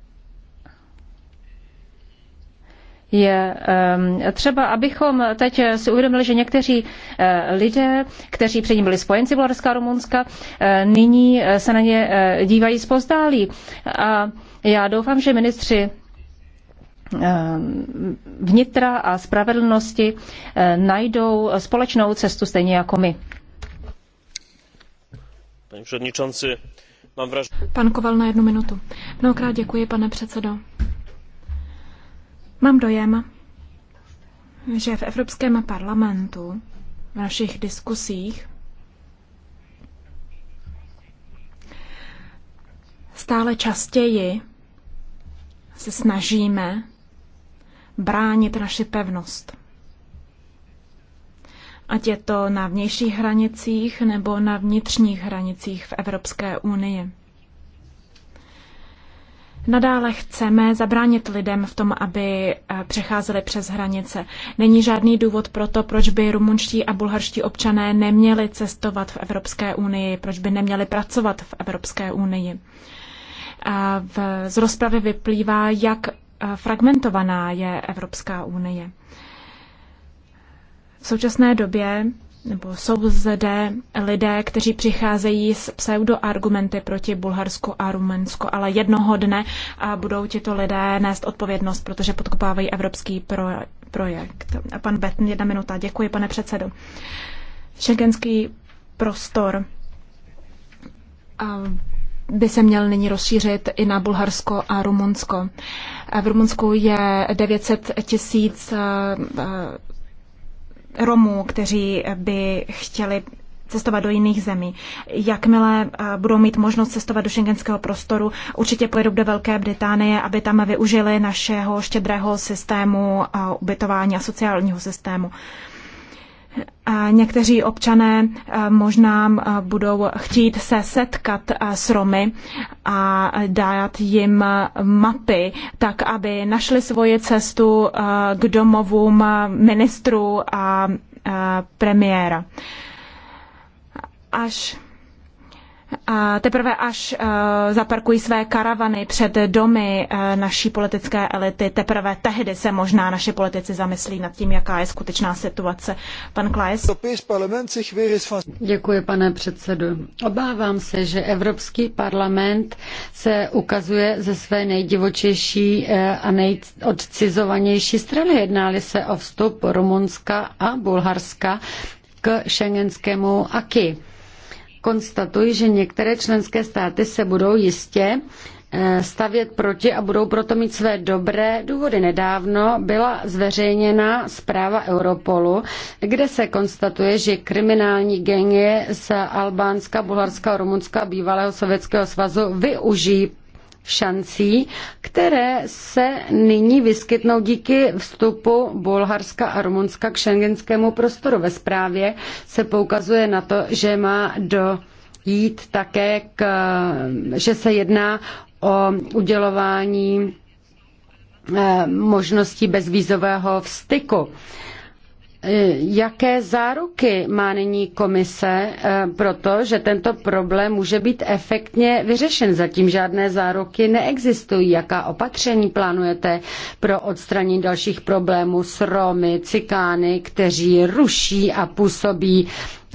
je třeba, abychom teď si uvědomili, že někteří lidé, kteří předtím byli spojenci Bulharska a Rumunska, nyní se na ně dívají pozdálí. A já doufám, že ministři Eh, vnitra a spravedlnosti eh, najdou společnou cestu stejně jako my. Pan Koval na jednu minutu. Mnohokrát děkuji, pane předsedo. Mám dojem, že v Evropském parlamentu v našich diskusích stále častěji se snažíme bránit naši pevnost. Ať je to na vnějších hranicích nebo na vnitřních hranicích v Evropské unii. Nadále chceme zabránit lidem v tom, aby eh, přecházeli přes hranice. Není žádný důvod pro to, proč by rumunští a bulharští občané neměli cestovat v Evropské unii, proč by neměli pracovat v Evropské unii. A v, z rozpravy vyplývá, jak fragmentovaná je Evropská unie. V současné době nebo jsou zde lidé, kteří přicházejí s pseudoargumenty proti Bulharsku a Rumunsku, ale jednoho dne budou tito lidé nést odpovědnost, protože podkopávají evropský pro, projekt. A pan Betn, jedna minuta. Děkuji, pane předsedo. Schengenský prostor by se měl nyní rozšířit i na Bulharsko a Rumunsko. V Rumunsku je 900 tisíc eh, eh, Romů, kteří by chtěli cestovat do jiných zemí. Jakmile eh, budou mít možnost cestovat do šengenského prostoru, určitě pojedou do Velké Británie, aby tam využili našeho štědrého systému ubytování a sociálního systému. Někteří občané eh, možná eh, budou chtít se setkat eh, s Romy a dát jim mapy, tak aby našli svoji cestu k domovům ministrů a premiéra. Až teprve až eh, zaparkují své karavany před domy eh, naší politické elity, teprve tehdy se možná naše politici zamyslí nad tím, jaká je skutečná situace. Pan Klaes. Děkuji, pane předsedo. Obávám se, že Evropský parlament se ukazuje ze své nejdivočejší eh, a nejodcizovanější strany. Jednáli se o vstup Rumunska a Bulharska k šengenskému AKI konstatuji, že některé členské státy se budou jistě eh, stavět proti a budou proto mít své dobré důvody. Nedávno byla zveřejněna zpráva Europolu, kde se konstatuje, že kriminální gengy z Albánska, Bulharska, Rumunska a bývalého Sovětského svazu využijí šancí, které se nyní vyskytnou díky vstupu Bulharska a Rumunska k šengenskému prostoru. Ve zprávě se poukazuje na to, že má do jít také, k, že se jedná o udělování eh, možností bezvízového vstyku. Eh, jaké záruky má nyní komise eh, pro to, že tento problém může být efektně vyřešen? Zatím žádné záruky neexistují. Jaká opatření plánujete pro odstranění dalších problémů s Romy, Cikány, kteří ruší a působí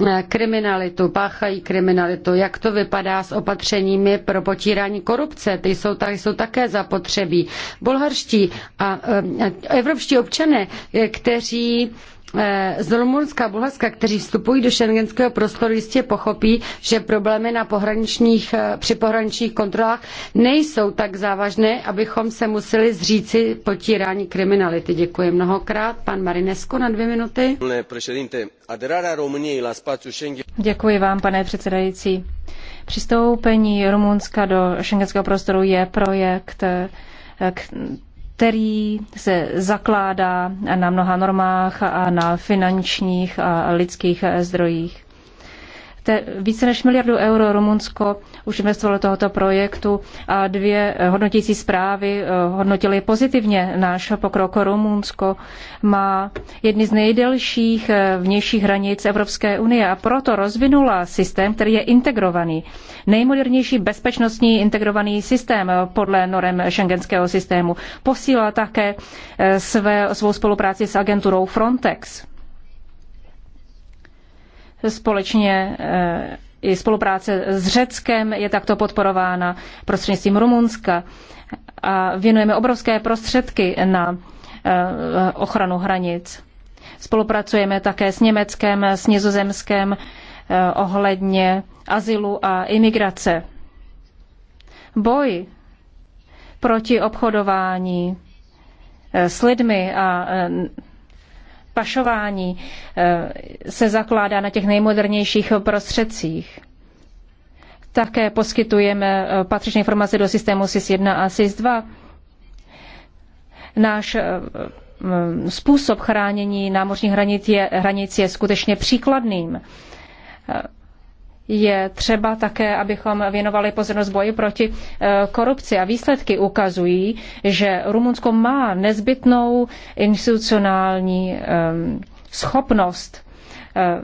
eh, kriminalitu, páchají kriminalitu, jak to vypadá s opatřeními pro potírání korupce, ty jsou, tady jsou také zapotřebí. Bulharští a, a evropští občané, kteří Eh, z Rumunska a Bulharska, kteří vstupují do šengenského prostoru, jistě pochopí, že problémy na pohraničních, eh, při pohraničních kontrolách nejsou tak závažné, abychom se museli zříci potírání kriminality. Děkuji mnohokrát. Pan Marinesko na dvě minuty. Děkuji vám, pane předsedající. Přistoupení Rumunska do šengenského prostoru je projekt, eh, který se zakládá na mnoha normách a na finančních a lidských zdrojích te, více než miliardu euro Rumunsko už investovalo tohoto projektu a dvě hodnotící zprávy eh, hodnotily pozitivně náš pokrok. Rumunsko má jedny z nejdelších eh, vnějších hranic Evropské unie a proto rozvinula systém, který je integrovaný. Nejmodernější bezpečnostní integrovaný systém eh, podle norem šengenského systému. Posílá také své, svou spolupráci s agenturou Frontex společně eh, i spolupráce s Řeckem je takto podporována prostřednictvím Rumunska a věnujeme obrovské prostředky na eh, ochranu hranic. Spolupracujeme také s Německem, s Nizozemskem eh, ohledně azylu a imigrace. Boj proti obchodování s lidmi a pašování eh, se zakládá na těch nejmodernějších prostředcích. Také poskytujeme eh, patřičné informace do systému SIS-1 a SIS-2. Náš eh, mm, způsob chránění námořních hranic je, hranic je skutečně příkladným je třeba také, abychom věnovali pozornost boji proti eh, korupci. A výsledky ukazují, že Rumunsko má nezbytnou institucionální eh, schopnost eh,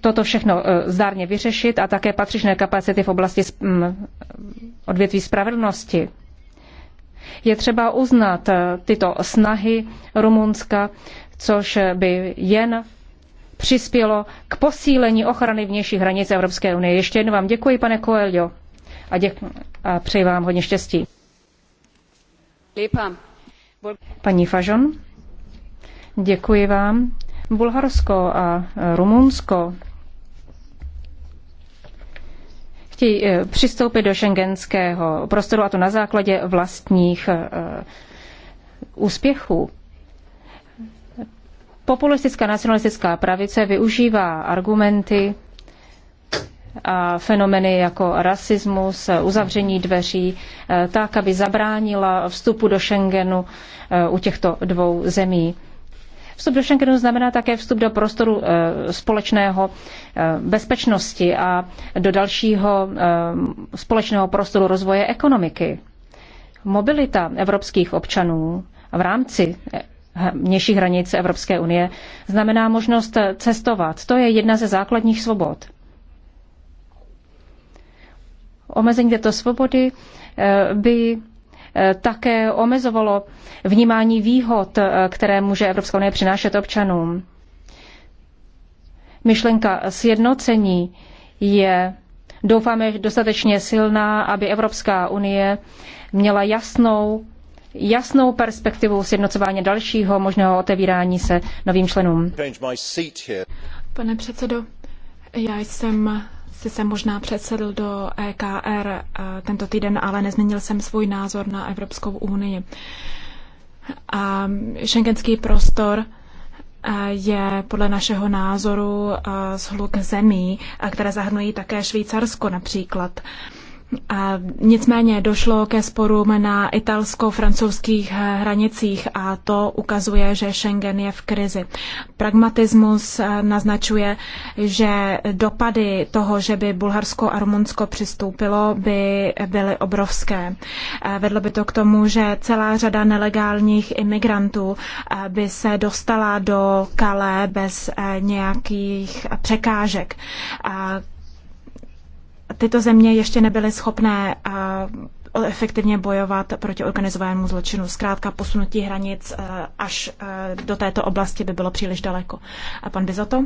toto všechno zdárně vyřešit a také patřičné kapacity v oblasti mm, odvětví spravedlnosti. Je třeba uznat tyto snahy Rumunska, což by jen přispělo k posílení ochrany vnějších hranic Evropské unie. Ještě jednou vám děkuji, pane Coelho, a, děk- a přeji vám hodně štěstí. Paní Fažon, děkuji vám. Bulharsko a e, Rumunsko chtějí e, přistoupit do šengenského prostoru a to na základě vlastních e, úspěchů. Populistická nacionalistická pravice využívá argumenty a fenomeny jako rasismus, uzavření dveří, eh, tak, aby zabránila vstupu do Schengenu eh, u těchto dvou zemí. Vstup do Schengenu znamená také vstup do prostoru eh, společného bezpečnosti a do dalšího společného prostoru rozvoje ekonomiky. Mobilita evropských občanů v rámci vnějších hranic Evropské unie, znamená možnost cestovat. To je jedna ze základních svobod. Omezení této svobody eh, by eh, také omezovalo vnímání výhod, eh, které může Evropská unie přinášet občanům. Myšlenka sjednocení je, doufáme, dostatečně silná, aby Evropská unie měla jasnou jasnou perspektivu sjednocování dalšího možného otevírání se novým členům. Pane předsedo, já jsem si se možná předsedl do EKR eh, tento týden, ale nezměnil jsem svůj názor na Evropskou unii. A šengenský prostor eh, je podle našeho názoru shluk eh, zemí, které zahrnují také Švýcarsko například. Nicméně došlo ke sporům na italsko-francouzských eh, hranicích a to ukazuje, že Schengen je v krizi. Pragmatismus eh, naznačuje, že dopady toho, že by Bulharsko a Rumunsko přistoupilo, by byly obrovské. Eh, vedlo by to k tomu, že celá řada nelegálních imigrantů by se dostala do Kalé bez nějakých překážek tyto země ještě nebyly schopné eh, efektivně bojovat proti organizovanému zločinu. Zkrátka posunutí hranic eh, až eh, do této oblasti by bylo příliš daleko. A pan Bizoto?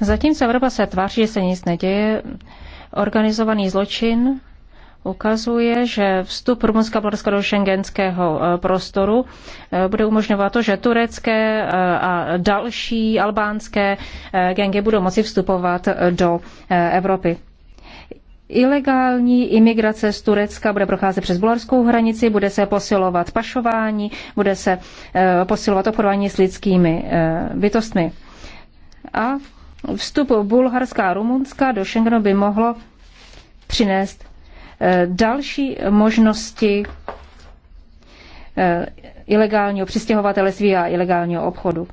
Zatímco Evropa se tváří, že se nic neděje, organizovaný zločin ukazuje, že vstup Rumunska a Bulharska do šengenského e, prostoru e, bude umožňovat to, že turecké e, a další albánské gengy budou moci vstupovat do Evropy. Ilegální imigrace z Turecka bude procházet přes bulharskou hranici, bude se posilovat pašování, bude se posilovat obchodování s lidskými bytostmi. A vstup Bulharska a Rumunska do Schengenu by mohlo přinést Eh, další možnosti eh, ilegálního přistěhovatelství a ilegálního obchodu.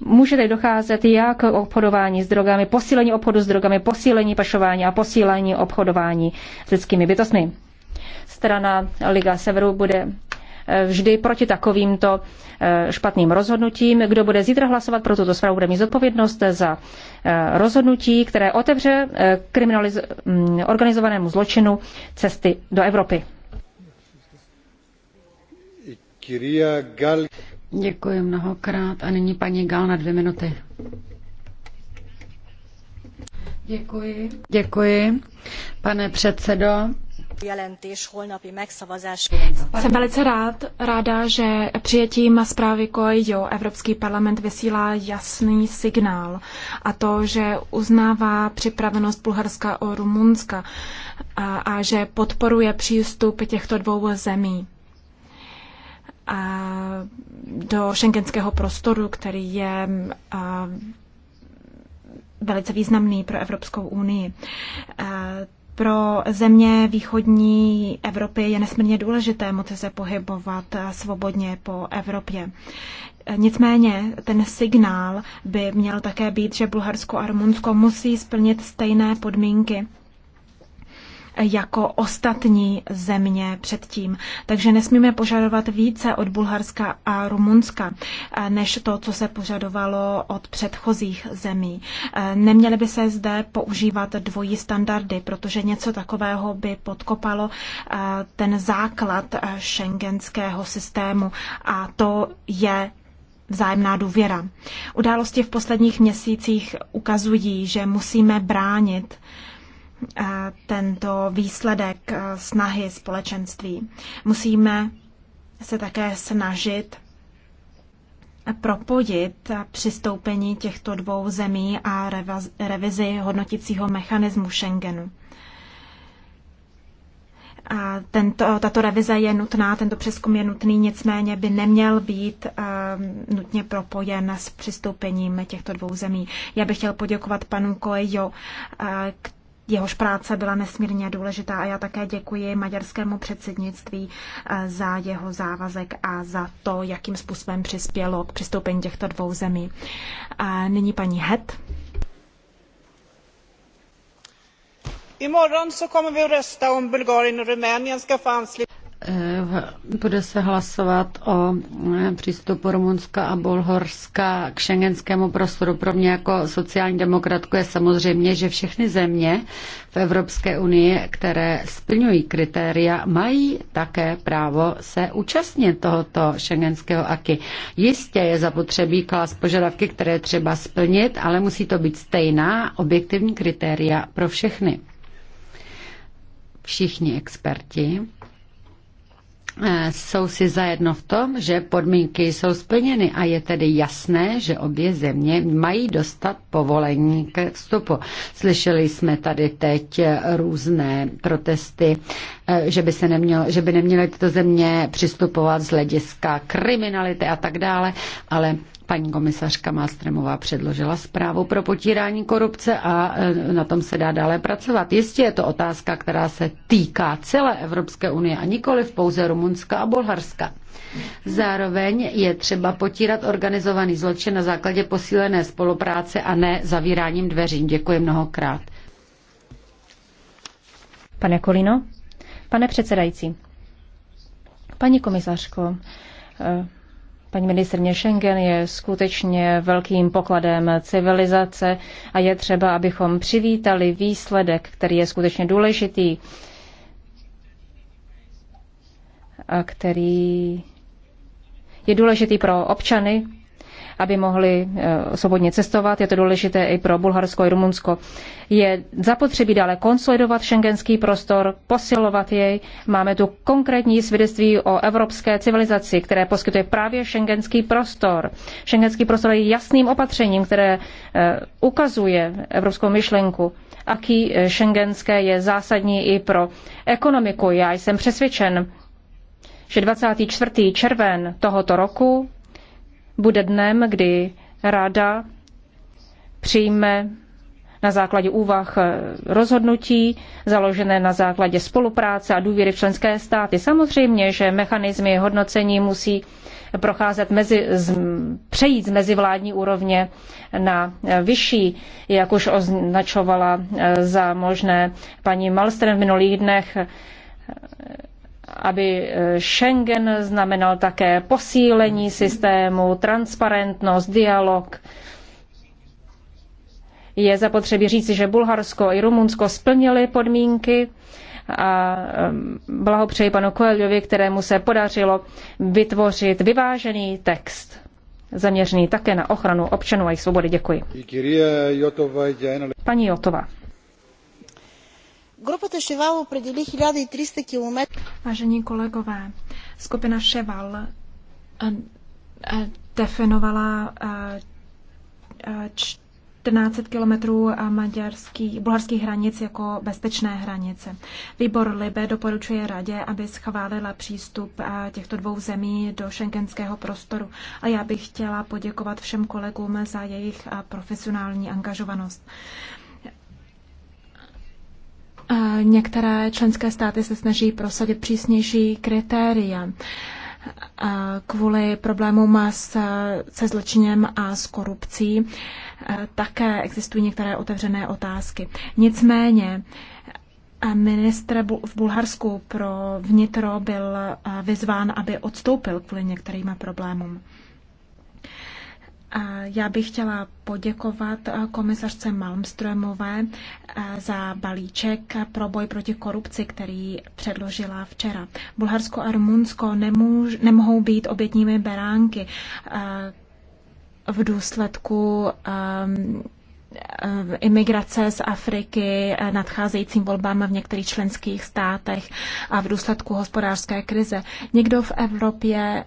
Může tady docházet jak k obchodování s drogami, posílení obchodu s drogami, posílení pašování a posílení obchodování s lidskými bytostmi. Strana Liga Severu bude vždy proti takovýmto eh, špatným rozhodnutím. Kdo bude zítra hlasovat pro tuto zprávu, bude mít zodpovědnost za eh, rozhodnutí, které otevře eh, kriminaliz- mm, organizovanému zločinu cesty do Evropy. Děkuji mnohokrát a nyní paní Gal na dvě minuty. Děkuji. Děkuji, pane předsedo. Jsem velice rád, ráda, že přijetím zprávy Kojo Evropský parlament vysílá jasný signál a to, že uznává připravenost Bulharska o Rumunska a, a že podporuje přístup těchto dvou zemí a do šengenského prostoru, který je a, velice významný pro Evropskou unii. A, pro země východní Evropy je nesmírně důležité moci se pohybovat svobodně po Evropě. Nicméně ten signál by měl také být, že Bulharsko a Rumunsko musí splnit stejné podmínky jako ostatní země předtím. Takže nesmíme požadovat více od Bulharska a Rumunska, eh, než to, co se požadovalo od předchozích zemí. Eh, neměly by se zde používat dvojí standardy, protože něco takového by podkopalo eh, ten základ šengenského systému a to je vzájemná důvěra. Události v posledních měsících ukazují, že musíme bránit uh, Eh, tento výsledek eh, snahy společenství. Musíme se také snažit propojit přistoupení těchto dvou zemí a revizi hodnotícího mechanismu Schengenu. A tento, tato revize je nutná, tento přeskum je nutný, nicméně by neměl být uh, nutně propojen s přistoupením těchto dvou zemí. Já bych chtěl poděkovat panu Koejo, uh, jehož práce byla nesmírně důležitá a já také děkuji maďarskému předsednictví eh, za jeho závazek a za to, jakým způsobem přispělo k přistoupení těchto dvou zemí. A nyní paní Het. Imorgon så kommer vi att rösta om Bulgarien och Rumänien ska få Eh, bude se hlasovat o eh, přístupu Rumunska a Bulhorska k šengenskému prostoru. Pro mě jako sociální demokratku je samozřejmě, že všechny země v Evropské unii, které splňují kritéria, mají také právo se účastnit tohoto šengenského aky. Jistě je zapotřebí klas požadavky, které třeba splnit, ale musí to být stejná objektivní kritéria pro všechny. Všichni experti Eh, jsou si zajedno v tom, že podmínky jsou splněny a je tedy jasné, že obě země mají dostat povolení k vstupu. Slyšeli jsme tady teď různé protesty, eh, že by, se nemělo, že by neměly tyto země přistupovat z hlediska kriminality a tak dále, ale Paní komisařka Mástremová předložila zprávu pro potírání korupce a e, na tom se dá dále pracovat. Jistě je to otázka, která se týká celé Evropské unie a v pouze Rumunska a Bulharska. Zároveň je třeba potírat organizovaný zločin na základě posílené spolupráce a ne zavíráním dveří. Děkuji mnohokrát. Pane Kolino? Pane předsedající, paní komisařko, Paní ministrně Schengen je skutečně velkým pokladem civilizace a je třeba, abychom přivítali výsledek, který je skutečně důležitý a který je důležitý pro občany aby mohli eh, svobodně cestovat. Je to důležité i pro Bulharsko i Rumunsko. Je zapotřebí dále konsolidovat šengenský prostor, posilovat jej. Máme tu konkrétní svědectví o evropské civilizaci, které poskytuje právě šengenský prostor. Šengenský prostor je jasným opatřením, které eh, ukazuje evropskou myšlenku. Aký šengenské eh, je zásadní i pro ekonomiku. Já jsem přesvědčen, že 24. červen tohoto roku bude dnem, kdy Rada přijme na základě úvah rozhodnutí, založené na základě spolupráce a důvěry v členské státy. Samozřejmě, že mechanizmy hodnocení musí procházet mezi, z, přejít z mezivládní úrovně na vyšší, jak už označovala za možné paní Malstrem v minulých dnech aby eh, Schengen znamenal také posílení systému, transparentnost, dialog. Je zapotřebí říci, že Bulharsko i Rumunsko splnili podmínky a blahopřeji panu Koeljovi, kterému se podařilo vytvořit vyvážený text zaměřený také na ochranu občanů a jejich svobody. Děkuji. Paní Jotova. Шевал определи 1300 км. Vážení kolegové, skupina Ševal eh, eh, definovala 14 eh, kilometrů maďarských, bulharských hranic jako bezpečné hranice. Výbor Libe doporučuje radě, aby schválila přístup těchto dvou zemí do šengenského prostoru. A já bych chtěla poděkovat všem kolegům za jejich profesionální angažovanost. Některé členské státy se snaží prosadit přísnější kritéria kvůli problémům se zločinem a s korupcí. Také existují některé otevřené otázky. Nicméně ministr v Bulharsku pro vnitro byl vyzván, aby odstoupil kvůli některým problémům. Já bych chtěla poděkovat eh, komisařce Malmströmové eh, za balíček pro boj proti korupci, který předložila včera. Bulharsko a Rumunsko nemůž, nemohou být obětními beránky eh, v důsledku ehm, imigrace z Afriky, nadcházejícím volbám v některých členských státech a v důsledku hospodářské krize. Někdo v Evropě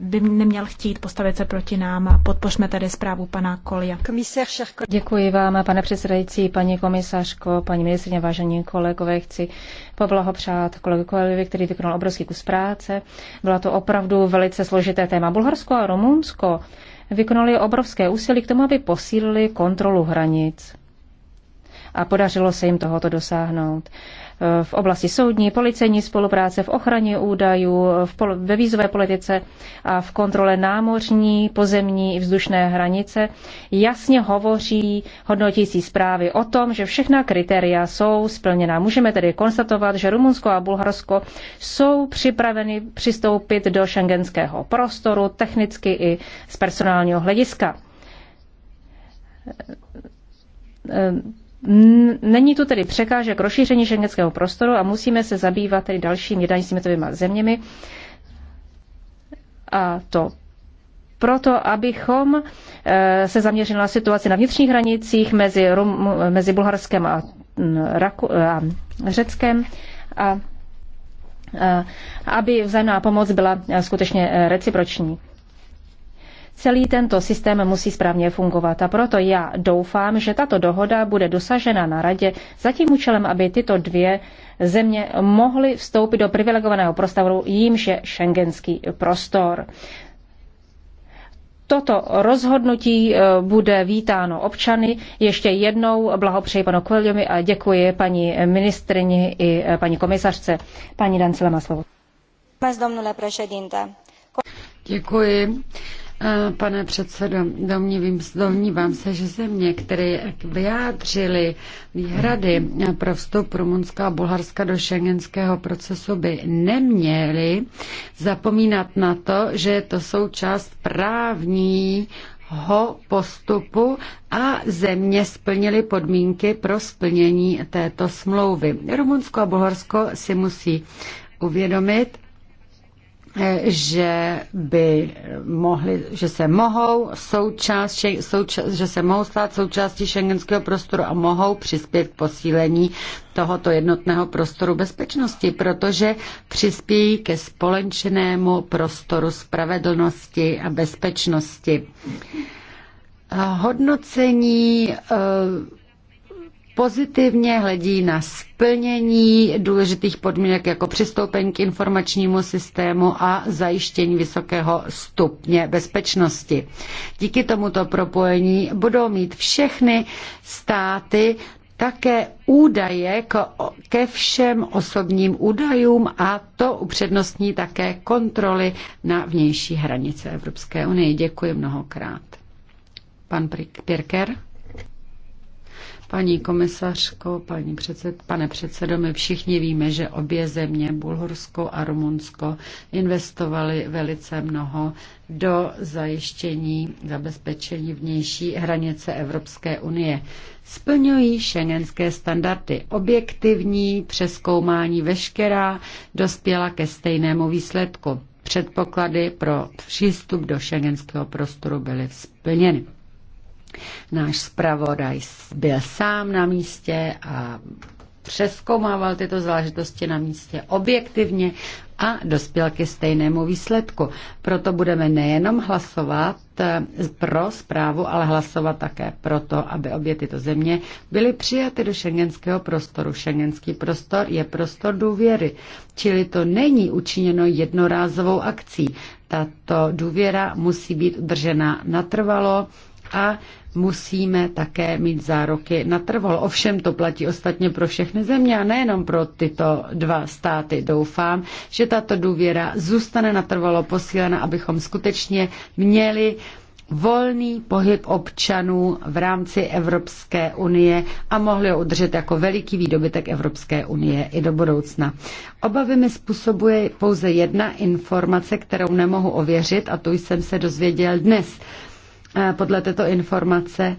by neměl chtít postavit se proti nám a podpořme tedy zprávu pana Kolia. Děkuji vám, pane předsedající, paní komisařko, paní ministrině, vážení kolegové. Chci poblahopřát kolegu Koliovi, který vykonal obrovský kus práce. Byla to opravdu velice složité téma. Bulharsko a Rumunsko vykonali obrovské úsilí k tomu, aby posílili kontrolu hranic. A podařilo se jim tohoto dosáhnout. Eh, v oblasti soudní, policejní spolupráce, v ochraně údajů, v pol- ve vízové politice a v kontrole námořní, pozemní i vzdušné hranice, jasně hovoří hodnotící zprávy o tom, že všechna kritéria jsou splněná. Můžeme tedy konstatovat, že Rumunsko a Bulharsko jsou připraveny přistoupit do šengenského prostoru technicky i z personálního hlediska eh, Není tu tedy překážek rozšíření šengenského prostoru a musíme se zabývat tedy dalšími jednání s zeměmi. A to proto, abychom eh, se zaměřili na situaci na vnitřních hranicích mezi, Rum, mezi Bulharskem a, mm, Raku, eh, a Řeckem a eh, aby vzájemná pomoc byla skutečně reciproční. Celý tento systém musí správně fungovat a proto já doufám, že tato dohoda bude dosažena na radě za tím účelem, aby tyto dvě země mohly vstoupit do privilegovaného prostoru, jímž je šengenský prostor. Toto rozhodnutí eh, bude vítáno občany. Ještě jednou blahopřeji panu Kveljovi a děkuji paní ministrini i eh, paní komisařce. Paní Dancela má slovo. Děkuji. Eh, pane předsedo, domnívím, domnívám se, že země, které vyjádřily výhrady pro vstup Rumunska a Bulharska do šengenského procesu, by neměly zapomínat na to, že je to součást právní ho postupu a země splnily podmínky pro splnění této smlouvy. Rumunsko a Bulharsko si musí uvědomit, že by mohli, že se mohou součást, součást, že se mohou stát součástí šengenského prostoru a mohou přispět k posílení tohoto jednotného prostoru bezpečnosti, protože přispějí ke společnému prostoru spravedlnosti a bezpečnosti. Hodnocení uh, pozitivně hledí na splnění důležitých podmínek jako přistoupení k informačnímu systému a zajištění vysokého stupně bezpečnosti. Díky tomuto propojení budou mít všechny státy také údaje ke všem osobním údajům a to upřednostní také kontroly na vnější hranice Evropské unie. Děkuji mnohokrát. Pan Pirker. Paní komisařko, paní předsed, pane předsedo, my všichni víme, že obě země, Bulhorsko a Rumunsko, investovaly velice mnoho do zajištění, zabezpečení vnější hranice Evropské unie. Splňují šengenské standardy. Objektivní přeskoumání veškerá dospěla ke stejnému výsledku. Předpoklady pro přístup do šengenského prostoru byly splněny. Náš zpravodaj byl sám na místě a přeskoumával tyto záležitosti na místě objektivně a dospěl ke stejnému výsledku. Proto budeme nejenom hlasovat eh, pro zprávu, ale hlasovat také proto, aby obě tyto země byly přijaty do šengenského prostoru. Šengenský prostor je prostor důvěry, čili to není učiněno jednorázovou akcí. Tato důvěra musí být udržena natrvalo a musíme také mít zároky na trvol. Ovšem to platí ostatně pro všechny země a nejenom pro tyto dva státy. Doufám, že tato důvěra zůstane na trvalo posílena, abychom skutečně měli volný pohyb občanů v rámci Evropské unie a mohli ho udržet jako veliký výdobytek Evropské unie i do budoucna. Obavy mi způsobuje pouze jedna informace, kterou nemohu ověřit a tu jsem se dozvěděl dnes. Eh, podle této informace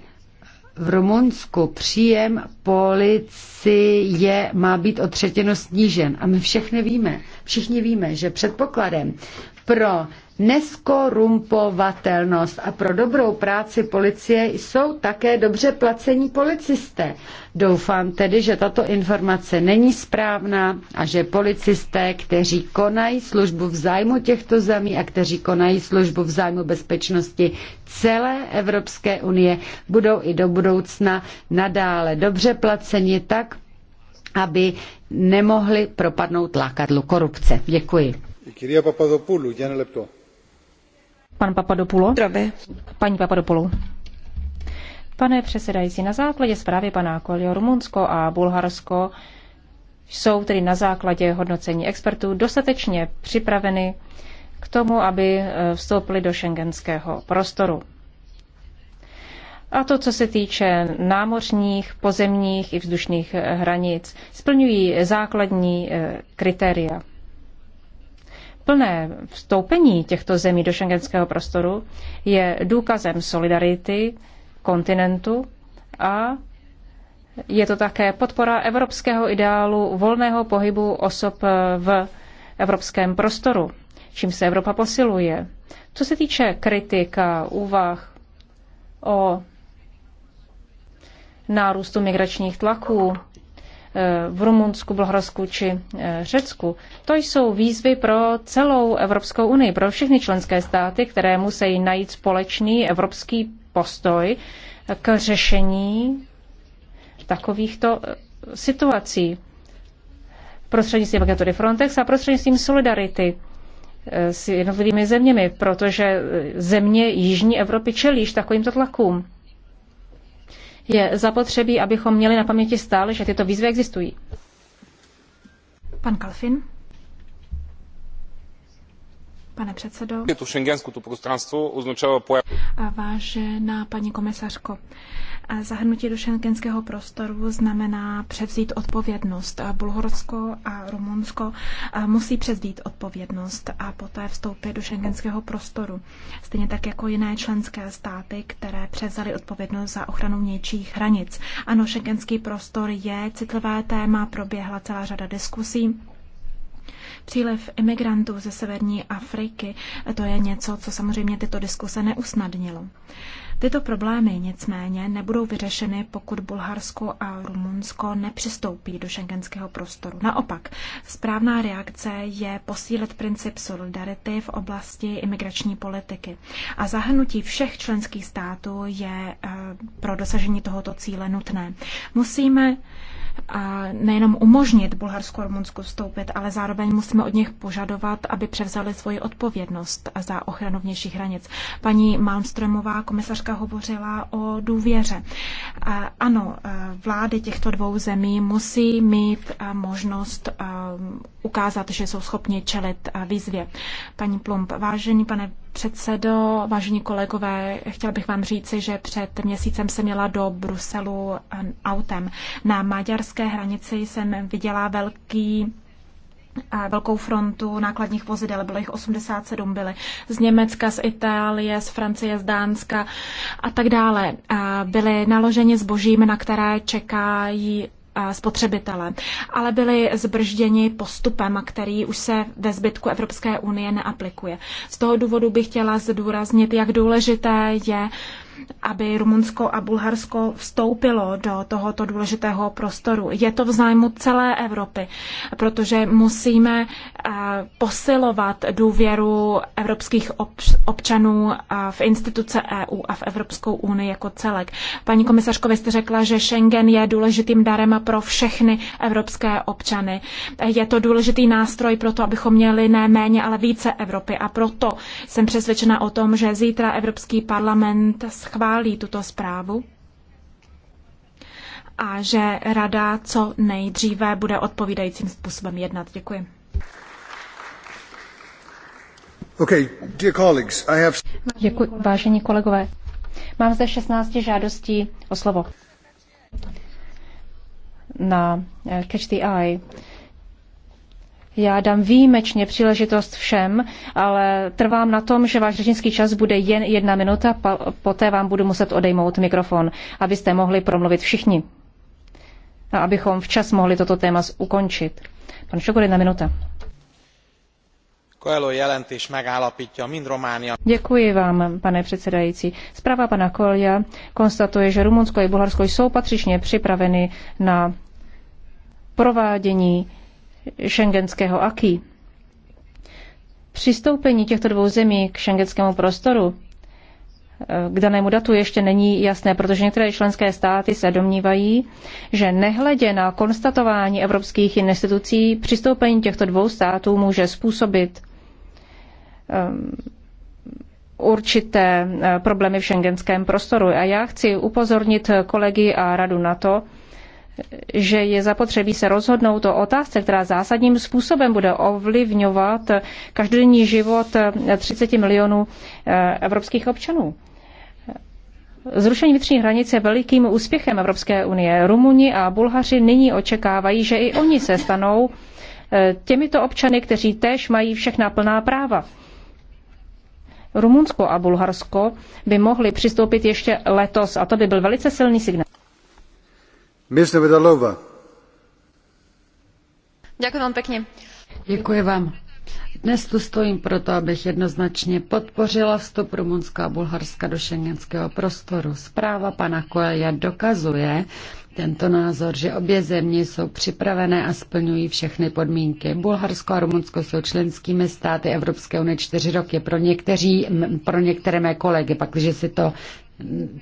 v Rumunsku příjem policie má být o třetinu snížen. A my všechny víme, všichni víme, že předpokladem pro neskorumpovatelnost a pro dobrou práci policie jsou také dobře placení policisté. Doufám tedy, že tato informace není správná a že policisté, kteří konají službu v zájmu těchto zemí a kteří konají službu v zájmu bezpečnosti celé Evropské unie, budou i do budoucna nadále dobře placeni tak, aby nemohli propadnout lákadlu korupce. Děkuji. Eh, Pan Papadopoulou. Paní Papadopoulou. Pane předsedající, na základě zprávy pana coelho Rumunsko a Bulharsko jsou tedy na základě hodnocení expertů dostatečně připraveny k tomu, aby eh, vstoupily do šengenského prostoru. A to, co se týče námořních, pozemních i vzdušných hranic, splňují základní eh, kritéria. Plné vstoupení těchto zemí do šengenského prostoru je důkazem solidarity kontinentu a je to také podpora evropského ideálu volného pohybu osob v evropském prostoru, čím se Evropa posiluje. Co se týče kritika, úvah o nárůstu migračních tlaků, v Rumunsku, Bulharsku či e, Řecku. To jsou výzvy pro celou Evropskou unii, pro všechny členské státy, které musí najít společný evropský postoj k řešení takovýchto e, situací prostřednictvím agentury Frontex a prostřednictvím solidarity e, s jednotlivými zeměmi, protože země Jižní Evropy čelíš takovýmto tlakům je zapotřebí, abychom měli na paměti stále, že tyto výzvy existují. Pan Kalfin. Pane předsedo. Je to šengensku, to prostranstvo označovalo pojav. Vážená paní komisařko, Zahrnutí do šenkenského prostoru znamená převzít odpovědnost. Bulharsko a Rumunsko musí převzít odpovědnost a poté vstoupit do šenkenského prostoru. Stejně tak jako jiné členské státy, které převzaly odpovědnost za ochranu vnějších hranic. Ano, šenkenský prostor je citlivé téma, proběhla celá řada diskusí. Přílev imigrantů ze severní Afriky, to je něco, co samozřejmě tyto diskuse neusnadnilo. Tyto problémy nicméně nebudou vyřešeny, pokud Bulharsko a Rumunsko nepřistoupí do šengenského prostoru. Naopak, správná reakce je posílit princip solidarity v oblasti imigrační politiky. A zahrnutí všech členských států je eh, pro dosažení tohoto cíle nutné. Musíme a nejenom umožnit Bulharsku a Rumunsku vstoupit, ale zároveň musíme od nich požadovat, aby převzali svoji odpovědnost za ochranu vnějších hranic. Paní Malmströmová komisařka hovořila o důvěře. Ano, e, vlády těchto dvou zemí musí mít e, možnost e, ukázat, že jsou schopni čelit výzvě. Paní Plump, vážený pane předsedo, vážení kolegové, chtěla bych vám říci, že před měsícem jsem měla do Bruselu eh, autem. Na maďarské hranici jsem viděla velký eh, velkou frontu nákladních vozidel, bylo jich 87 byly z Německa, z Itálie, z Francie, z Dánska a tak dále. Eh, byly naloženi zbožím, na které čekají spotřebitele, ale byli zbržděni postupem, který už se ve zbytku Evropské unie neaplikuje. Z toho důvodu bych chtěla zdůraznit, jak důležité je aby Rumunsko a Bulharsko vstoupilo do tohoto důležitého prostoru. Je to v zájmu celé Evropy, protože musíme eh, posilovat důvěru evropských občanů eh, v instituce EU a v Evropskou unii jako celek. Paní komisařko, vy jste řekla, že Schengen je důležitým darem pro všechny evropské občany. Je to důležitý nástroj pro to, abychom měli ne méně, ale více Evropy. A proto jsem přesvědčena o tom, že zítra Evropský parlament schválí schválí tuto zprávu a že rada co nejdříve bude odpovídajícím způsobem jednat. Děkuji. Okay, dear colleagues, I have... Děkuji, vážení kolegové. Mám zde 16 žádostí o slovo na eh, Catch the Eye. Já dám výjimečně příležitost všem, ale trvám na tom, že váš řečnický čas bude jen jedna minuta, poté vám budu muset odejmout mikrofon, abyste mohli promluvit všichni. A abychom včas mohli toto téma ukončit. Pan Šokor, jedna minuta. Děkuji vám, pane předsedající. Zpráva pana Kolja konstatuje, že Rumunsko i Bulharsko jsou patřičně připraveny na provádění šengenského aký. Přistoupení těchto dvou zemí k šengenskému prostoru eh, k danému datu ještě není jasné, protože některé členské státy se domnívají, že nehledě na konstatování evropských institucí přistoupení těchto dvou států může způsobit ehm, určité eh, problémy v šengenském prostoru. A já chci upozornit kolegy a radu na to, že je zapotřebí se rozhodnout o otázce, která zásadním způsobem bude ovlivňovat každodenní život 30 milionů eh, evropských občanů. Zrušení vnitřní hranice je velikým úspěchem Evropské unie. Rumuni a Bulhaři nyní očekávají, že i oni se stanou eh, těmito občany, kteří též mají všechna plná práva. Rumunsko a Bulharsko by mohli přistoupit ještě letos a to by byl velice silný signál. Děkuji vám vám. Dnes tu stojím proto, abych jednoznačně podpořila vstup Rumunska a Bulharska do schengenského prostoru. Zpráva pana coelha dokazuje tento názor, že obě země jsou připravené a splňují všechny podmínky. Bulharsko a Rumunsko jsou členskými státy Evropské unie čtyři roky. Pro, někteří, pro některé mé kolegy, pak, když si to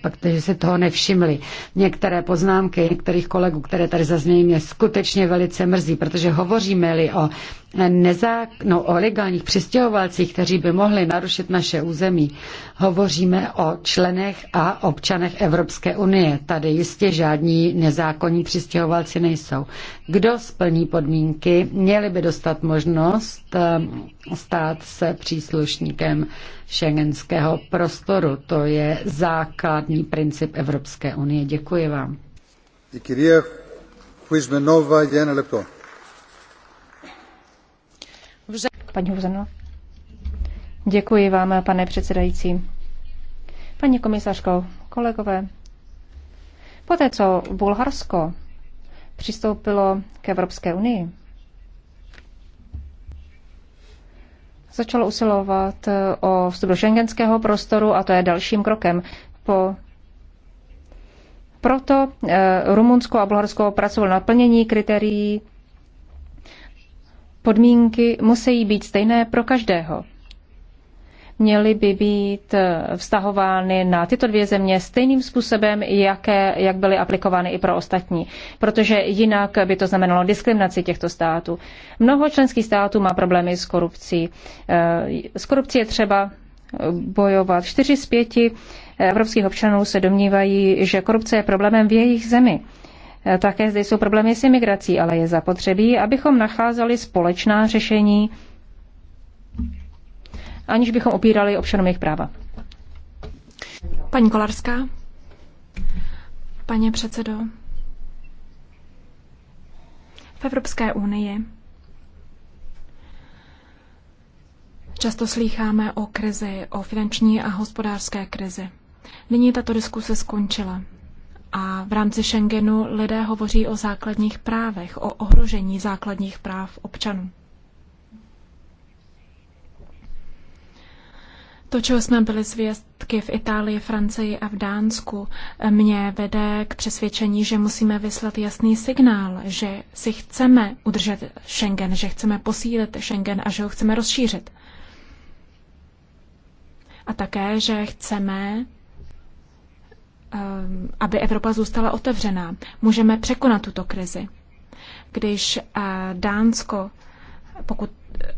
protože se toho nevšimli. Některé poznámky některých kolegů, které tady zaznějí, mě skutečně velice mrzí, protože hovoříme-li o nezák- no, o legálních přistěhovalcích, kteří by mohli narušit naše území, hovoříme o členech a občanech Evropské unie. Tady jistě žádní nezákonní přistěhovalci nejsou. Kdo splní podmínky, měli by dostat možnost ehm, stát se příslušníkem šengenského prostoru. To je základní princip Evropské unie. Děkuji vám. Kyrie Kuzmenova, jen lepto. Paní Huzeno. Děkuji vám, pane předsedající. Paní komisařko, kolegové, poté co Bulharsko přistoupilo k Evropské unii, začalo usilovat eh, o vstup do šengenského prostoru a to je dalším krokem. Po proto eh, Rumunsko a Bulharsko pracovalo na plnění kritérií podmínky musí být stejné pro každého. Měly by být vztahovány na tyto dvě země stejným způsobem, jaké, jak byly aplikovány i pro ostatní, protože jinak by to znamenalo diskriminaci těchto států. Mnoho členských států má problémy s korupcí. Eh, s korupcí je třeba bojovat. Čtyři z pěti evropských občanů se domnívají, že korupce je problémem v jejich zemi. Eh, také zde jsou problémy s imigrací, ale je zapotřebí, abychom nacházeli společná řešení, aniž bychom opírali občanům jejich práva. Paní Kolarská. Pane předsedo. V Evropské unii Často slýcháme o krizi, o finanční a hospodářské krizi. Nyní tato diskuse skončila. A v rámci Schengenu lidé hovoří o základních právech, o ohrožení základních práv občanů. To, čeho jsme byli svědky v Itálii, Francii a v Dánsku, mě vede k přesvědčení, že musíme vyslat jasný signál, že si chceme udržet Schengen, že chceme posílit Schengen a že ho chceme rozšířit. A také, že chceme Ehm, aby Evropa zůstala otevřená. Můžeme překonat tuto krizi. Když eh, Dánsko, pokud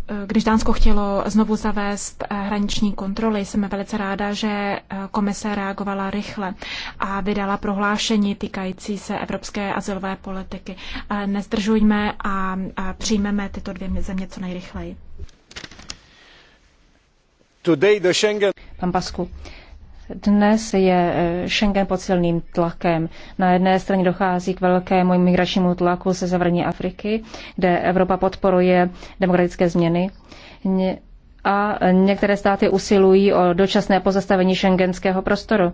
eh, když Dánsko chtělo znovu zavést eh, hraniční kontroly, jsem velice ráda, že komise reagovala rychle a vydala prohlášení týkající se evropské asilové politiky. Nezdržujme a přijmeme tyto dvě země co nejrychleji. Today the Schengen... Pan Pasku, dnes je eh, Schengen pod silným tlakem. Na jedné straně dochází k velkému migračnímu tlaku ze severní Afriky, kde Evropa podporuje demokratické změny. A některé státy usilují o dočasné pozastavení šengenského prostoru.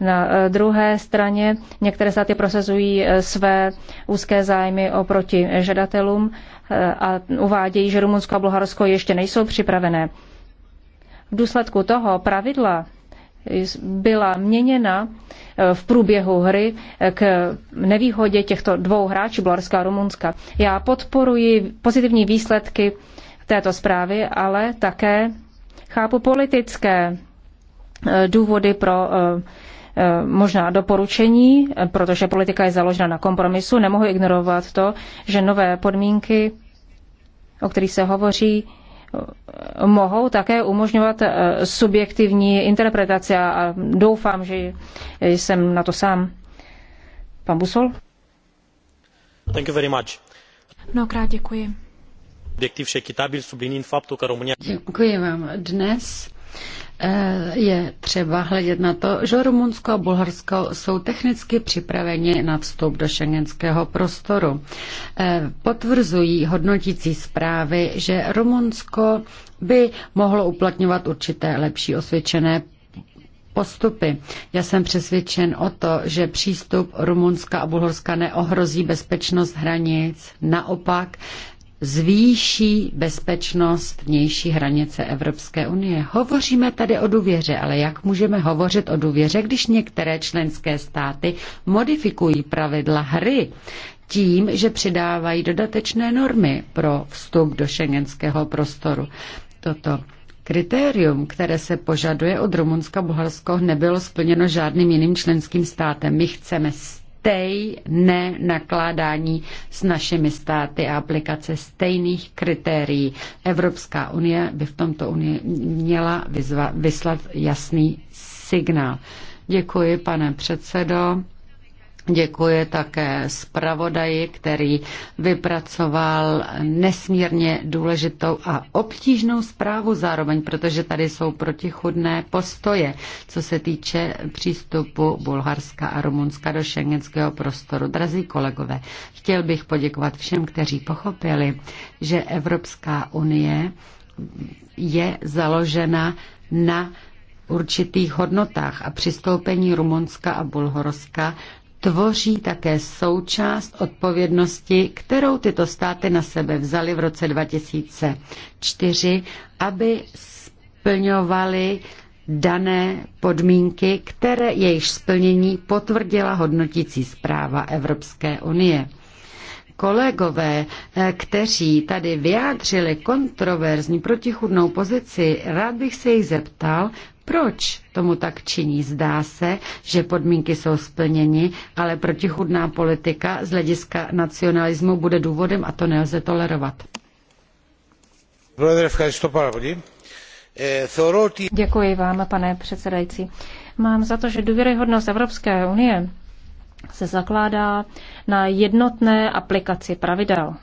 Na eh, druhé straně některé státy prosazují eh, své úzké zájmy oproti žadatelům a uvádějí, že Rumunsko a Bulharsko ještě nejsou připravené. V důsledku toho pravidla byla měněna eh, v průběhu hry eh, k nevýhodě těchto dvou hráčů, Bulharska a Rumunska. Já podporuji pozitivní výsledky této zprávy, ale také chápu politické eh, důvody pro možná doporučení, protože politika je založena na kompromisu. Nemohu ignorovat to, že nové podmínky, o kterých se hovoří, mohou také umožňovat eh, subjektivní interpretaci a doufám, že jsem na to sám. Pan Busol? Thank you very much. Mnohokrát děkuji. Děkuji vám. Dnes Eh, je třeba hledět na to, že Rumunsko a Bulharsko jsou technicky připraveni na vstup do šengenského prostoru. Eh, potvrzují hodnotící zprávy, že Rumunsko by mohlo uplatňovat určité lepší osvědčené postupy. Já jsem přesvědčen o to, že přístup Rumunska a Bulharska neohrozí bezpečnost hranic. Naopak zvýší bezpečnost vnější hranice Evropské unie. Hovoříme tady o důvěře, ale jak můžeme hovořit o důvěře, když některé členské státy modifikují pravidla hry tím, že přidávají dodatečné normy pro vstup do šengenského prostoru. Toto Kritérium, které se požaduje od Rumunska Bulharsko, nebylo splněno žádným jiným členským státem. My chceme stejné nakládání s našimi státy a aplikace stejných kritérií. Evropská unie by v tomto unii měla vyzva, vyslat jasný signál. Děkuji, pane předsedo. Děkuji také zpravodaji, který vypracoval nesmírně důležitou a obtížnou zprávu zároveň, protože tady jsou protichudné postoje, co se týče přístupu Bulharska a Rumunska do šengenského prostoru. Drazí kolegové, chtěl bych poděkovat všem, kteří pochopili, že Evropská unie je založena na určitých hodnotách a přistoupení Rumunska a Bulhorska tvoří také součást odpovědnosti, kterou tyto státy na sebe vzaly v roce 2004, aby splňovaly dané podmínky, které jejich splnění potvrdila hodnotící zpráva Evropské unie. Kolegové, eh, kteří tady vyjádřili kontroverzní protichudnou pozici, rád bych se jich zeptal, proč tomu tak činí? Zdá se, že podmínky jsou splněny, ale protichudná politika z hlediska nacionalismu bude důvodem a to nelze tolerovat. E, Děkuji vám, pane předsedající. Mám za to, že důvěryhodnost Evropské unie se zakládá na jednotné aplikaci pravidel.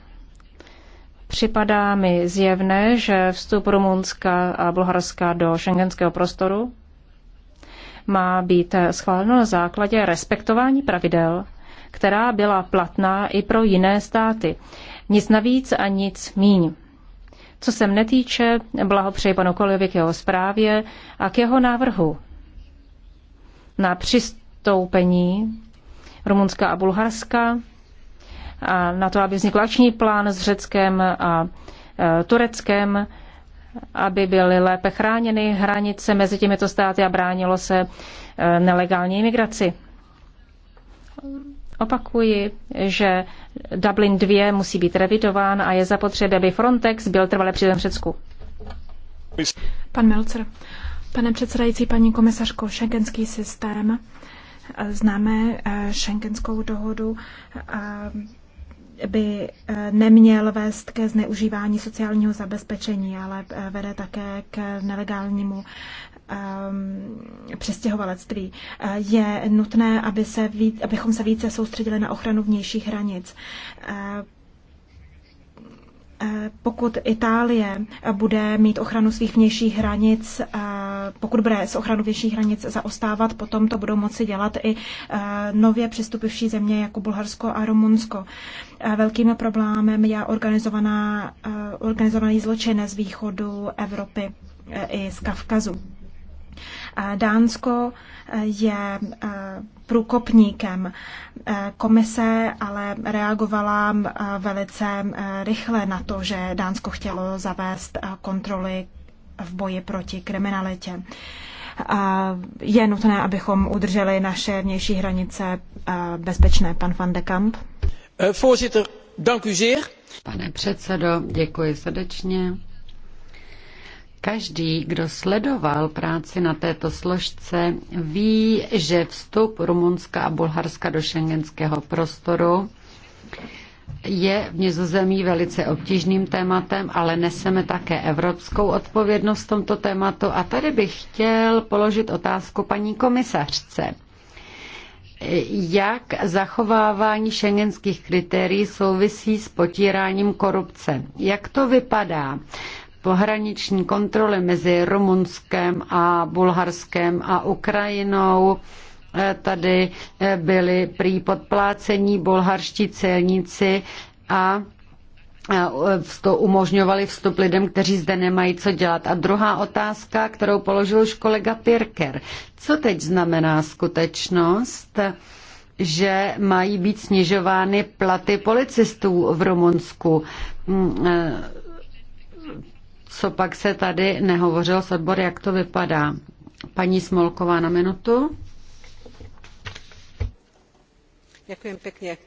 Připadá mi zjevné, že vstup Rumunska a Bulharska do šengenského prostoru má být schváleno na základě respektování pravidel, která byla platná i pro jiné státy. Nic navíc a nic míň. Co se mne týče, blahopřeji panu Kolejovi k jeho zprávě a k jeho návrhu na přistoupení Rumunska a Bulharska na to, aby vznikl akční plán s Řeckem a e, Tureckem, aby byly lépe chráněny hranice mezi těmito státy a bránilo se e, nelegální imigraci. Opakuji, že Dublin 2 musí být revidován a je zapotřebí, aby Frontex byl trvale při Řecku. Pan Milcer, pane předsedající, paní komisařko, šengenský systém, e, známe šengenskou dohodu, by eh, neměl vést ke zneužívání sociálního zabezpečení, ale eh, vede také k nelegálnímu ehm, přestěhovalectví. Eh, je nutné, aby se víc, abychom se více soustředili na ochranu vnějších hranic pokud Itálie bude mít ochranu svých vnějších hranic, eh, pokud bude s ochranou vnějších hranic zaostávat, potom to budou moci dělat i eh, nově přistupivší země jako Bulharsko a Rumunsko. Eh, velkým problémem je organizovaná, organizovaný zločin z východu Evropy i z Kavkazu. Dánsko eh, je eh, průkopníkem. Eh, komise ale reagovala velice rychle na to, že Dánsko chtělo zavést kontroly v boji proti kriminalitě. Je nutné, abychom udrželi naše vnější hranice bezpečné. Pan van de Kamp. Pane předsedo, děkuji srdečně. Každý, kdo sledoval práci na této složce, ví, že vstup Rumunska a Bulharska do šengenského prostoru je v Nizozemí velice obtížným tématem, ale neseme také evropskou odpovědnost v tomto tématu. A tady bych chtěl položit otázku paní komisařce. Jak zachovávání šengenských kritérií souvisí s potíráním korupce? Jak to vypadá? pohraniční kontroly mezi Rumunskem a Bulharskem a Ukrajinou. E, tady e, byly prý podplácení bulharští celníci a e, to umožňovali vstup lidem, kteří zde nemají co dělat. A druhá otázka, kterou položil už kolega Pirker. Co teď znamená skutečnost, že mají být snižovány platy policistů v Rumunsku? Mm, co pak se tady nehovořilo s odbory, jak to vypadá. Paní Smolková na minutu. Děkuji pěkně.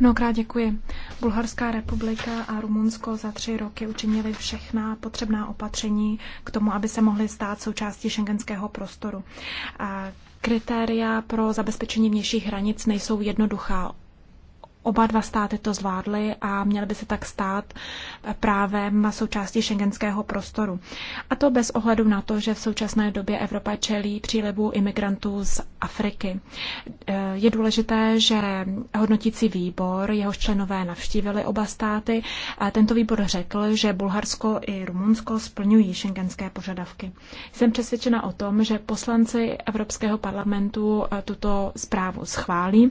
Mnohokrát děkuji. Bulharská republika a Rumunsko za tři roky učinili všechna potřebná opatření k tomu, aby se mohly stát součástí šengenského prostoru. A kritéria pro zabezpečení vnějších hranic nejsou jednoduchá. Oba dva státy to zvládly a měly by se tak stát právem součástí šengenského prostoru. A to bez ohledu na to, že v současné době Evropa čelí přílivu imigrantů z Afriky. Je důležité, že hodnotící výbor, jeho členové navštívili oba státy. A tento výbor řekl, že Bulharsko i Rumunsko splňují šengenské požadavky. Jsem přesvědčena o tom, že poslanci Evropského parlamentu tuto zprávu schválí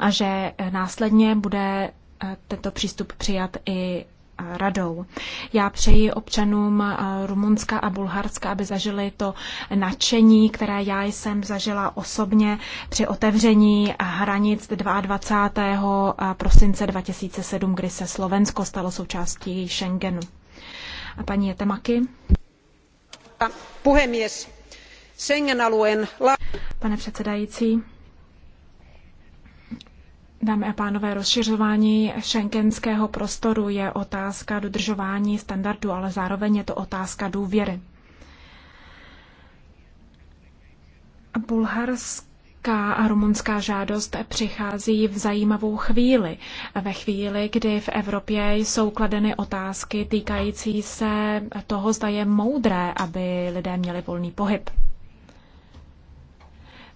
a že následně bude eh, tento přístup přijat i eh, radou. Já přeji občanům eh, Rumunska a Bulharska, aby zažili to nadšení, které já jsem zažila osobně při otevření hranic 22. prosince 2007, kdy se Slovensko stalo součástí Schengenu. A paní Jetemaky. Puhemies. Schengen-alueen... Pane předsedající, Dámy a pánové, rozšiřování šenkenského prostoru je otázka dodržování standardu, ale zároveň je to otázka důvěry. Bulharská a rumunská žádost přichází v zajímavou chvíli, ve chvíli, kdy v Evropě jsou kladeny otázky týkající se toho, zda je moudré, aby lidé měli volný pohyb.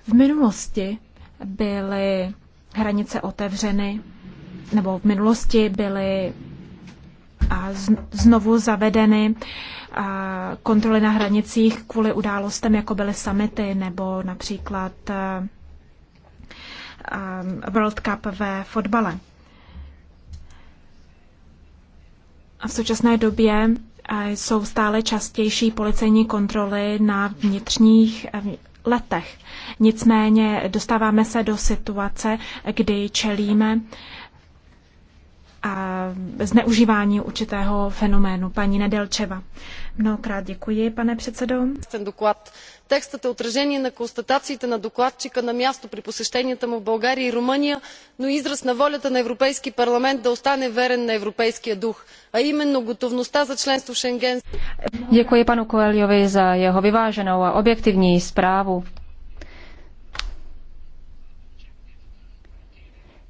V minulosti byly hranice otevřeny, nebo v minulosti byly a znovu zavedeny kontroly na hranicích kvůli událostem, jako byly samity nebo například World Cup ve fotbale. A v současné době jsou stále častější policejní kontroly na vnitřních letech. Nicméně dostáváme se do situace, kdy čelíme a zneužívání určitého fenoménu. Paní Nedelčeva, mnohokrát děkuji, pane předsedo. Ten doklad, text je utržený na konstatacích na dokladčíka na místo při posvěštění tomu v Bulgárii Rumunii, no izraz na voli na Evropský parlament, da ostane veren na evropský duch, a jmenu gotovnosti za členstvo Schengen. Děkuji panu Koeliovi za jeho vyváženou a objektivní zprávu.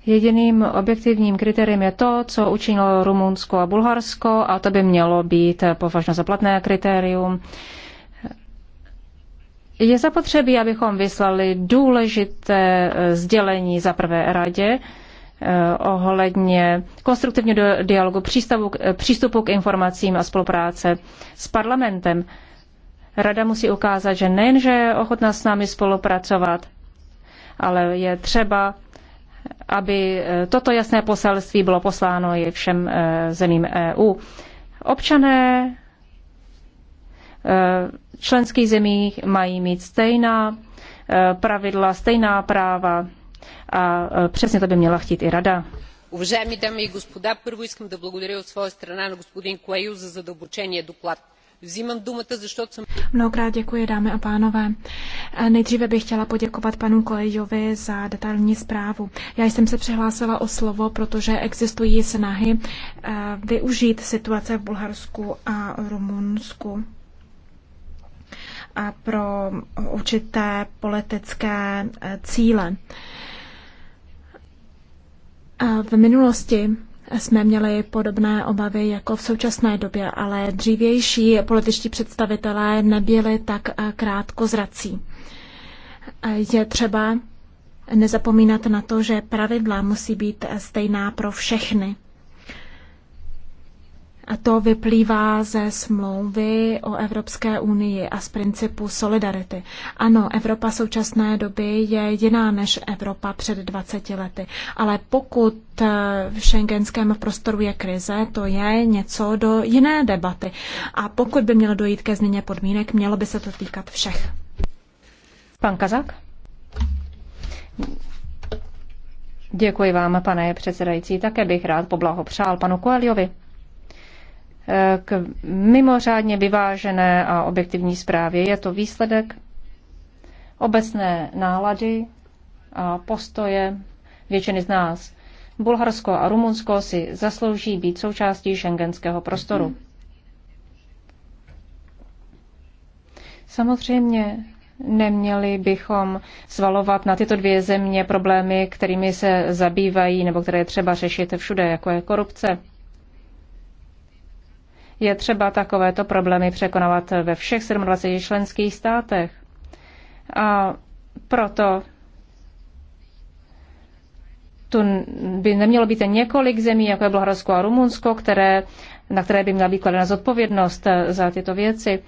Jediným objektivním kritériem je to, co učinilo Rumunsko a Bulharsko a to by mělo být považno za platné kritérium. Je zapotřebí, abychom vyslali důležité eh, sdělení za prvé radě eh, ohledně konstruktivního dialogu, přístavu, eh, přístupu k informacím a spolupráce s parlamentem. Rada musí ukázat, že nejenže je ochotná s námi spolupracovat, ale je třeba aby eh, toto jasné poselství bylo posláno i všem eh, zemím EU. Občané eh, členských zemí mají mít stejná pravidla, stejná práva a přesně to by měla chtít i Rada. Уважаеми дами и господа, първо искам да благодаря от своя страна на господин Коею за задълбочения доклад. Mnohokrát děkuji, dámy a pánové. Nejdříve bych chtěla poděkovat panu Kolejovi za detailní zprávu. Já jsem se přihlásila o slovo, protože existují snahy e, využít situace v Bulharsku a Rumunsku a pro určité politické e, cíle. E, v minulosti jsme měli podobné obavy jako v současné době, ale dřívější političtí představitelé nebyli tak eh, krátko zrací. Eh, je třeba nezapomínat na to, že pravidla musí být eh, stejná pro všechny. A to vyplývá ze smlouvy o Evropské unii a z principu solidarity. Ano, Evropa současné doby je jiná než Evropa před 20 lety, ale pokud eh, v šengenském prostoru je krize, to je něco do jiné debaty. A pokud by mělo dojít ke změně podmínek, mělo by se to týkat všech. Pan Kazak? Děkuji vám, pane předsedající. Také bych rád poblahopřál panu Koeliovi k mimořádně vyvážené a objektivní zprávě. Je to výsledek obecné nálady a postoje většiny z nás. Bulharsko a Rumunsko si zaslouží být součástí šengenského prostoru. Samozřejmě neměli bychom svalovat na tyto dvě země problémy, kterými se zabývají nebo které je třeba řešit všude, jako je korupce je třeba takovéto problémy překonávat ve všech 27 členských státech. A proto tu by nemělo být několik zemí, jako je Bulharsko a Rumunsko, které, na které by měla být kladena zodpovědnost za tyto věci.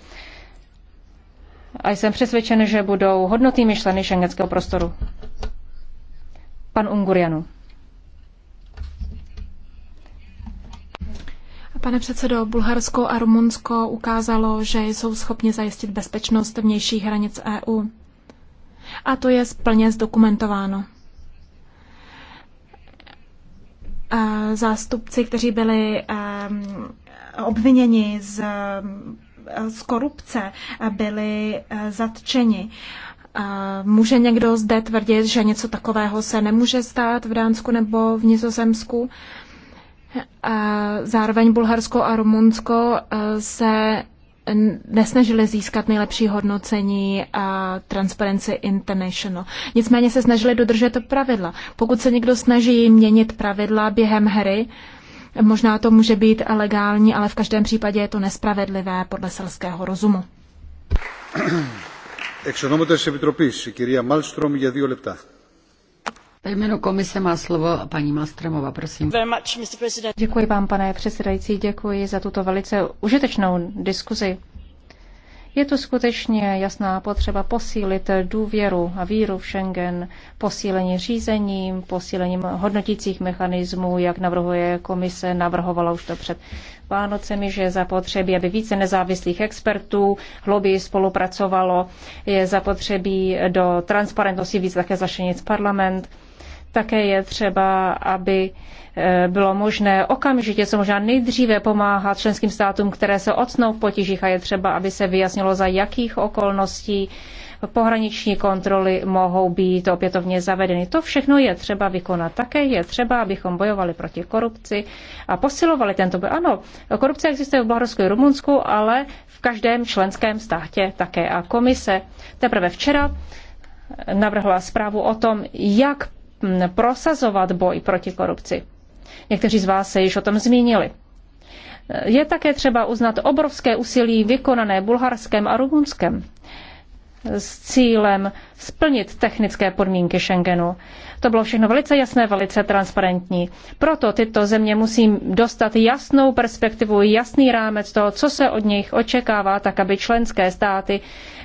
A jsem přesvědčen, že budou hodnotými členy šengenského prostoru. Pan Ungurianu. Pane předsedo, Bulharsko a Rumunsko ukázalo, že jsou schopni zajistit bezpečnost vnějších hranic EU. A to je plně zdokumentováno. Zástupci, kteří byli obviněni z, z korupce, byli eh, zatčeni. Může někdo zde tvrdit, že něco takového se nemůže stát v Dánsku nebo v Nizozemsku? Zároveň Bulharsko a Rumunsko eh, se nesnažili získat nejlepší hodnocení a Transparency International. Nicméně se snažili dodržet pravidla. Pokud se někdo snaží měnit pravidla během hry, možná to může být legální, ale v každém případě je to nespravedlivé podle selského rozumu. Exonomotes Epitropis, Kyria Malmström, η κυρία Μάλστρομ ve jménu komise má slovo paní Malstremova, prosím. Děkuji vám, pane předsedající, děkuji za tuto velice užitečnou diskuzi. Je to skutečně jasná potřeba posílit důvěru a víru v Schengen, posílení řízením, posílením hodnotících mechanismů, jak navrhuje komise, navrhovala už to před Vánocemi, že je zapotřebí, aby více nezávislých expertů hlouběji spolupracovalo, je zapotřebí do transparentnosti více také zašenit parlament také je třeba, aby eh, bylo možné okamžitě, co možná nejdříve pomáhat členským státům, které se ocnou v potížích a je třeba, aby se vyjasnilo, za jakých okolností pohraniční kontroly mohou být opětovně zavedeny. To všechno je třeba vykonat. Také je třeba, abychom bojovali proti korupci a posilovali tento boj. Ano, korupce existuje v Bulharsku i Rumunsku, ale v každém členském státě také. A komise teprve včera navrhla zprávu o tom, jak prosazovat boj proti korupci. Někteří z vás se již o tom zmínili. Je také třeba uznat obrovské úsilí vykonané Bulharskem a Rumunskem s cílem splnit technické podmínky Schengenu. To bylo všechno velice jasné, velice transparentní. Proto tyto země musí dostat jasnou perspektivu, jasný rámec toho, co se od nich očekává, tak aby členské státy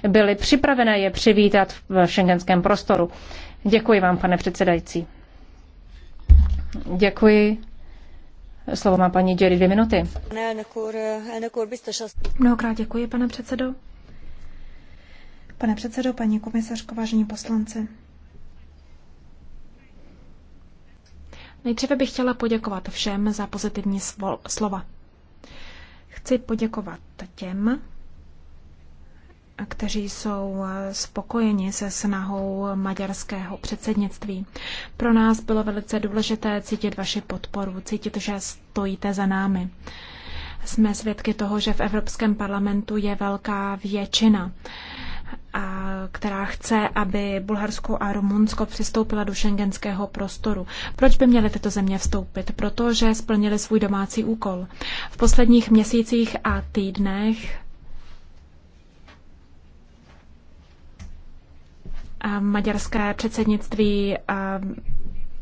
byly připravené je přivítat v šengenském prostoru. Děkuji vám, pane předsedající. Děkuji. Slovo má paní Jerry dvě minuty. Mnohokrát děkuji, pane předsedo. Pane předsedo, paní komisařko, vážení poslanci. Nejdříve bych chtěla poděkovat všem za pozitivní slova. Chci poděkovat těm, kteří jsou eh, spokojeni se snahou maďarského předsednictví. Pro nás bylo velice důležité cítit vaši podporu, cítit, že stojíte za námi. Jsme svědky toho, že v Evropském parlamentu je velká většina, a která chce, aby Bulharsko a Rumunsko přistoupila do šengenského prostoru. Proč by měly tyto země vstoupit? Protože splnili svůj domácí úkol. V posledních měsících a týdnech maďarské předsednictví eh,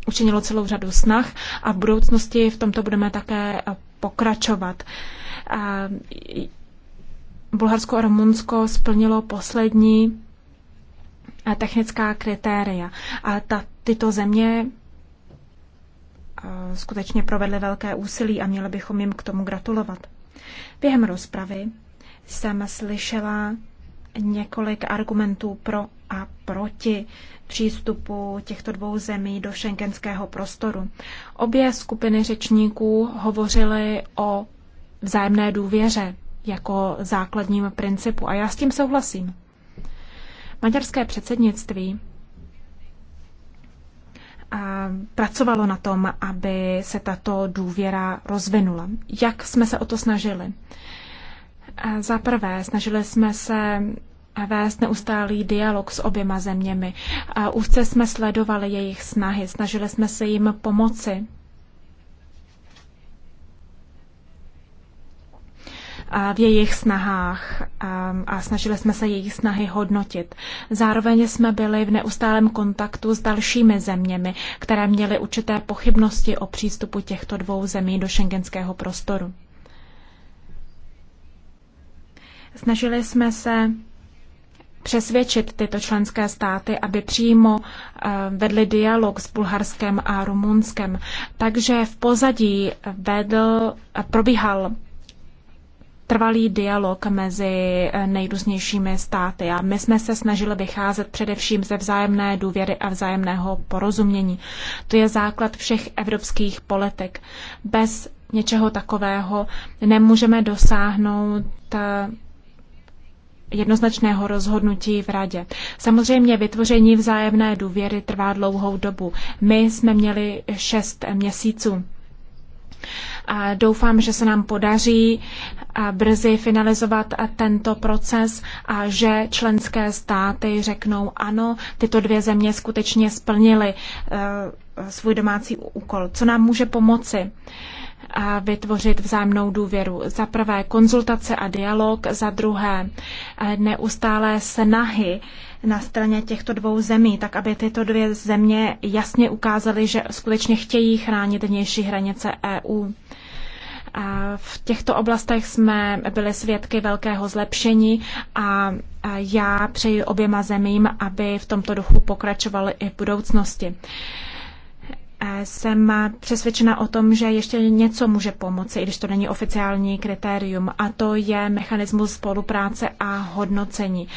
učinilo celou řadu snah a v budoucnosti v tomto budeme také eh, pokračovat. Bulharsko a Rumunsko splnilo poslední eh, technická kritéria. A ta, tyto země skutečně provedly velké úsilí a měli bychom jim k tomu gratulovat. Během rozpravy jsem slyšela několik argumentů pro a proti přístupu těchto dvou zemí do šengenského prostoru. Obě skupiny řečníků hovořily o vzájemné důvěře jako základním principu a já s tím souhlasím. Maďarské předsednictví a pracovalo na tom, aby se tato důvěra rozvinula. Jak jsme se o to snažili? Za prvé, snažili jsme se vést neustálý dialog s oběma zeměmi. Úzce jsme sledovali jejich snahy, snažili jsme se jim pomoci. v jejich snahách a snažili jsme se jejich snahy hodnotit. Zároveň jsme byli v neustálém kontaktu s dalšími zeměmi, které měly určité pochybnosti o přístupu těchto dvou zemí do šengenského prostoru. Snažili jsme se přesvědčit tyto členské státy, aby přímo eh, vedli dialog s Bulharskem a Rumunskem. Takže v pozadí vedl, eh, probíhal trvalý dialog mezi eh, nejrůznějšími státy a my jsme se snažili vycházet především ze vzájemné důvěry a vzájemného porozumění. To je základ všech evropských politik. Bez něčeho takového nemůžeme dosáhnout jednoznačného rozhodnutí v radě. Samozřejmě vytvoření vzájemné důvěry trvá dlouhou dobu. My jsme měli šest měsíců. A doufám, že se nám podaří brzy finalizovat tento proces a že členské státy řeknou ano, tyto dvě země skutečně splnily e, svůj domácí úkol. Co nám může pomoci? Uh, a vytvořit vzájemnou důvěru. Za prvé konzultace a dialog, za druhé eh, neustálé snahy na straně těchto dvou zemí, tak aby tyto dvě země jasně ukázaly, že skutečně chtějí chránit vnější hranice EU. A v těchto oblastech jsme byli svědky velkého zlepšení a já přeji oběma zemím, aby v tomto duchu pokračovaly i v budoucnosti jsem přesvědčena o tom, že ještě něco může pomoci, i když to není oficiální kritérium, a to je mechanismus spolupráce a hodnocení.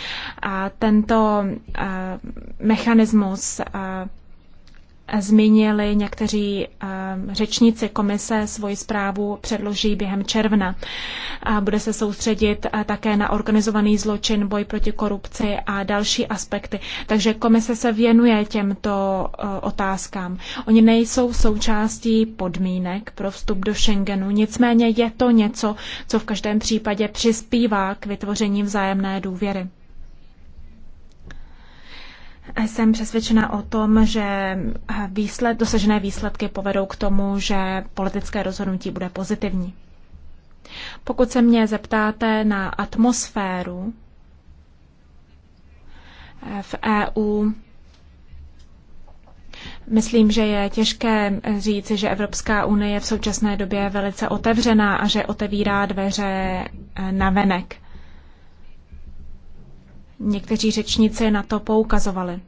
A tento eh, mechanismus eh, zmínili někteří eh, řečníci komise, svoji zprávu předloží během června. Bude se soustředit eh, také na organizovaný zločin, boj proti korupci a další aspekty. Takže komise se věnuje těmto eh, otázkám. Oni nejsou součástí podmínek pro vstup do Schengenu, nicméně je to něco, co v každém případě přispívá k vytvoření vzájemné důvěry. Jsem přesvědčena o tom, že výsled, dosažené výsledky povedou k tomu, že politické rozhodnutí bude pozitivní. Pokud se mě zeptáte na atmosféru eh, v EU, Myslím, že je těžké říci, že Evropská unie je v současné době velice otevřená a že otevírá dveře eh, na venek. Někteří řečníci na to poukazovali.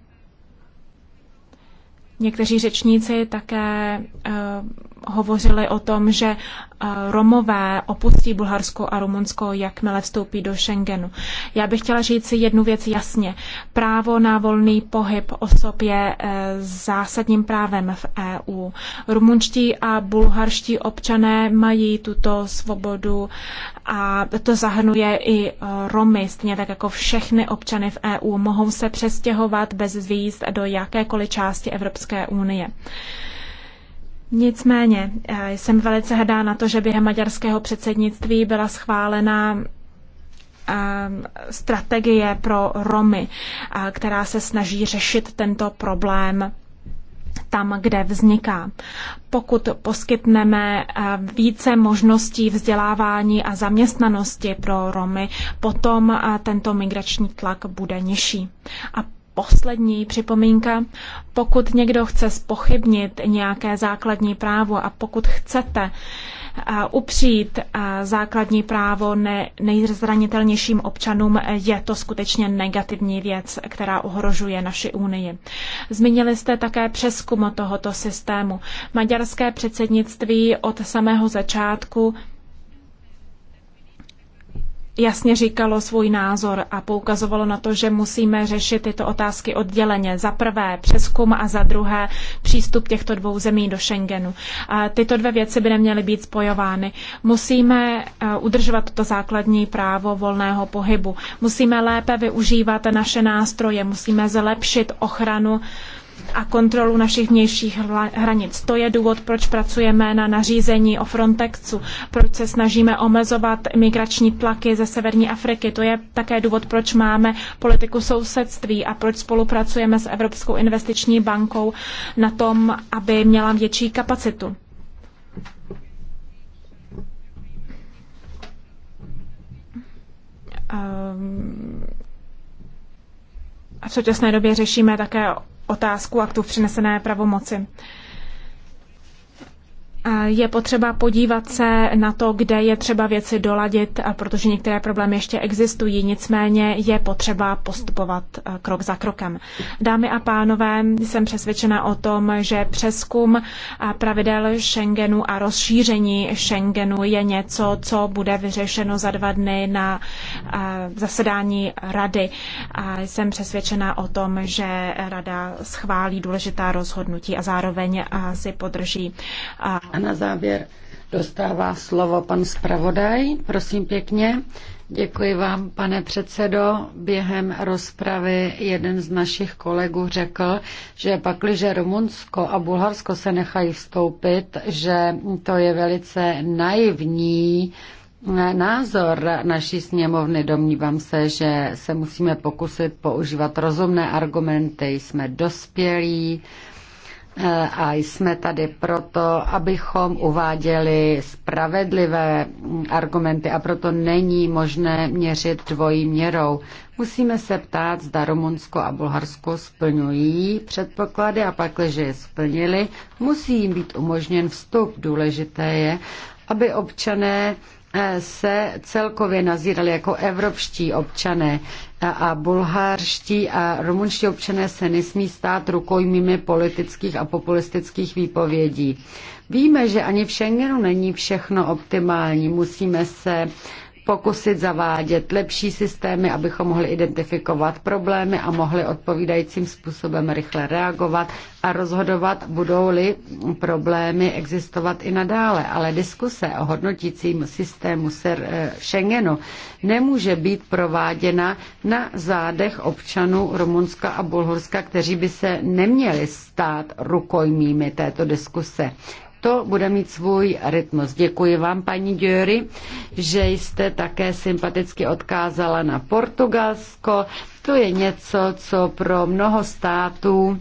Někteří řečníci také eh, hovořili o tom, že eh, Romové opustí Bulharsko a Rumunsko, jakmile vstoupí do Schengenu. Já bych chtěla říct si jednu věc jasně. Právo na volný pohyb osob je eh, zásadním právem v EU. Rumunští a bulharští občané mají tuto svobodu a to zahrnuje i eh, Romy, stejně tak jako všechny občany v EU mohou se přestěhovat bez víz do jakékoliv části Evropské unie. Nicméně eh, jsem velice hrdá na to, že během maďarského předsednictví byla schválena eh, strategie pro Romy, eh, která se snaží řešit tento problém tam, kde vzniká. Pokud poskytneme více možností vzdělávání a zaměstnanosti pro Romy, potom tento migrační tlak bude nižší. A poslední připomínka. Pokud někdo chce spochybnit nějaké základní právo a pokud chcete eh, upřít eh, základní právo ne, nejzranitelnějším občanům, je to skutečně negativní věc, která ohrožuje naši unii. Zmínili jste také přeskum tohoto systému. Maďarské předsednictví od samého začátku jasně říkalo svůj názor a poukazovalo na to, že musíme řešit tyto otázky odděleně. Za prvé přeskum a za druhé přístup těchto dvou zemí do Schengenu. Tyto dvě věci by neměly být spojovány. Musíme eh, udržovat toto základní právo volného pohybu. Musíme lépe využívat naše nástroje, musíme zlepšit ochranu a kontrolu našich vnějších hranic. To je důvod, proč pracujeme na nařízení o Frontexu, proč se snažíme omezovat migrační tlaky ze severní Afriky. To je také důvod, proč máme politiku sousedství a proč spolupracujeme s Evropskou investiční bankou na tom, aby měla větší kapacitu. Um, a v současné době řešíme také otázku aktu v přenesené pravomoci je potřeba podívat se na to, kde je třeba věci doladit, protože některé problémy ještě existují, nicméně je potřeba postupovat e, krok za krokem. Dámy a pánové, jsem přesvědčena o tom, že přeskum e, pravidel Schengenu a rozšíření Schengenu je něco, co bude vyřešeno za dva dny na e, zasedání rady. A jsem přesvědčena o tom, že rada schválí důležitá rozhodnutí a zároveň si podrží a na závěr dostává slovo pan zpravodaj. Prosím pěkně. Děkuji vám, pane předsedo. Během rozpravy jeden z našich kolegů řekl, že pakliže Rumunsko a Bulharsko se nechají vstoupit, že to je velice naivní názor naší sněmovny. Domnívám se, že se musíme pokusit používat rozumné argumenty. Jsme dospělí a jsme tady proto, abychom uváděli spravedlivé argumenty a proto není možné měřit dvojí měrou. Musíme se ptát, zda Rumunsko a Bulharsko splňují předpoklady a pak, že je splnili, musí jim být umožněn vstup. Důležité je, aby občané Eh, se celkově nazírali jako evropští občané a bulhárští a rumunští občané se nesmí stát rukojmími politických a populistických výpovědí. Víme, že ani v Schengenu není všechno optimální. Musíme se pokusit zavádět lepší systémy, abychom mohli identifikovat problémy a mohli odpovídajícím způsobem rychle reagovat a rozhodovat, budou-li problémy existovat i nadále. Ale diskuse o hodnotícím systému eh, Schengenu nemůže být prováděna na zádech občanů Rumunska a Bulhorska, kteří by se neměli stát rukojmími této diskuse to bude mít svůj rytmus. Děkuji vám, paní Dury, že jste také sympaticky odkázala na Portugalsko. To je něco, co pro mnoho států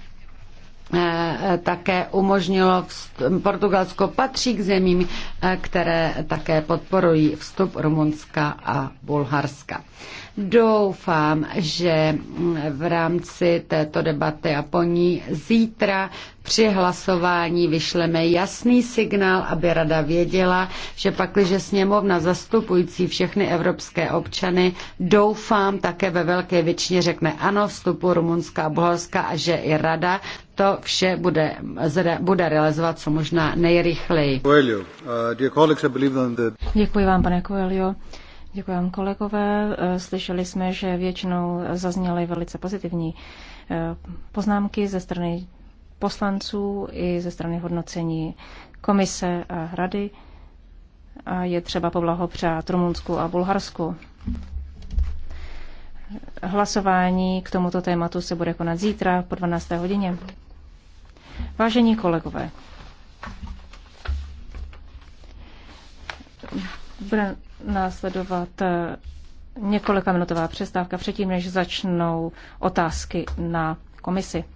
eh, také umožnilo, Portugalsko patří k zemím, eh, které také podporují vstup Rumunska a Bulharska. Doufám, že v rámci této debaty a po ní zítra při hlasování vyšleme jasný signál, aby rada věděla, že pakliže sněmovna zastupující všechny evropské občany, doufám také ve velké většině řekne ano vstupu Rumunska a Bulharska a že i rada to vše bude, bude realizovat co možná nejrychleji. Uh, Děkuji vám, pane Coelho. Děkuji vám, kolegové. Eh, slyšeli jsme, že většinou zazněly velice pozitivní eh, poznámky ze strany poslanců i ze strany hodnocení komise a rady. A je třeba poblahopřát Rumunsku a Bulharsku. Hlasování k tomuto tématu se bude konat zítra po 12. hodině. Vážení kolegové, následovat eh, několika minutová přestávka předtím, než začnou otázky na komisi.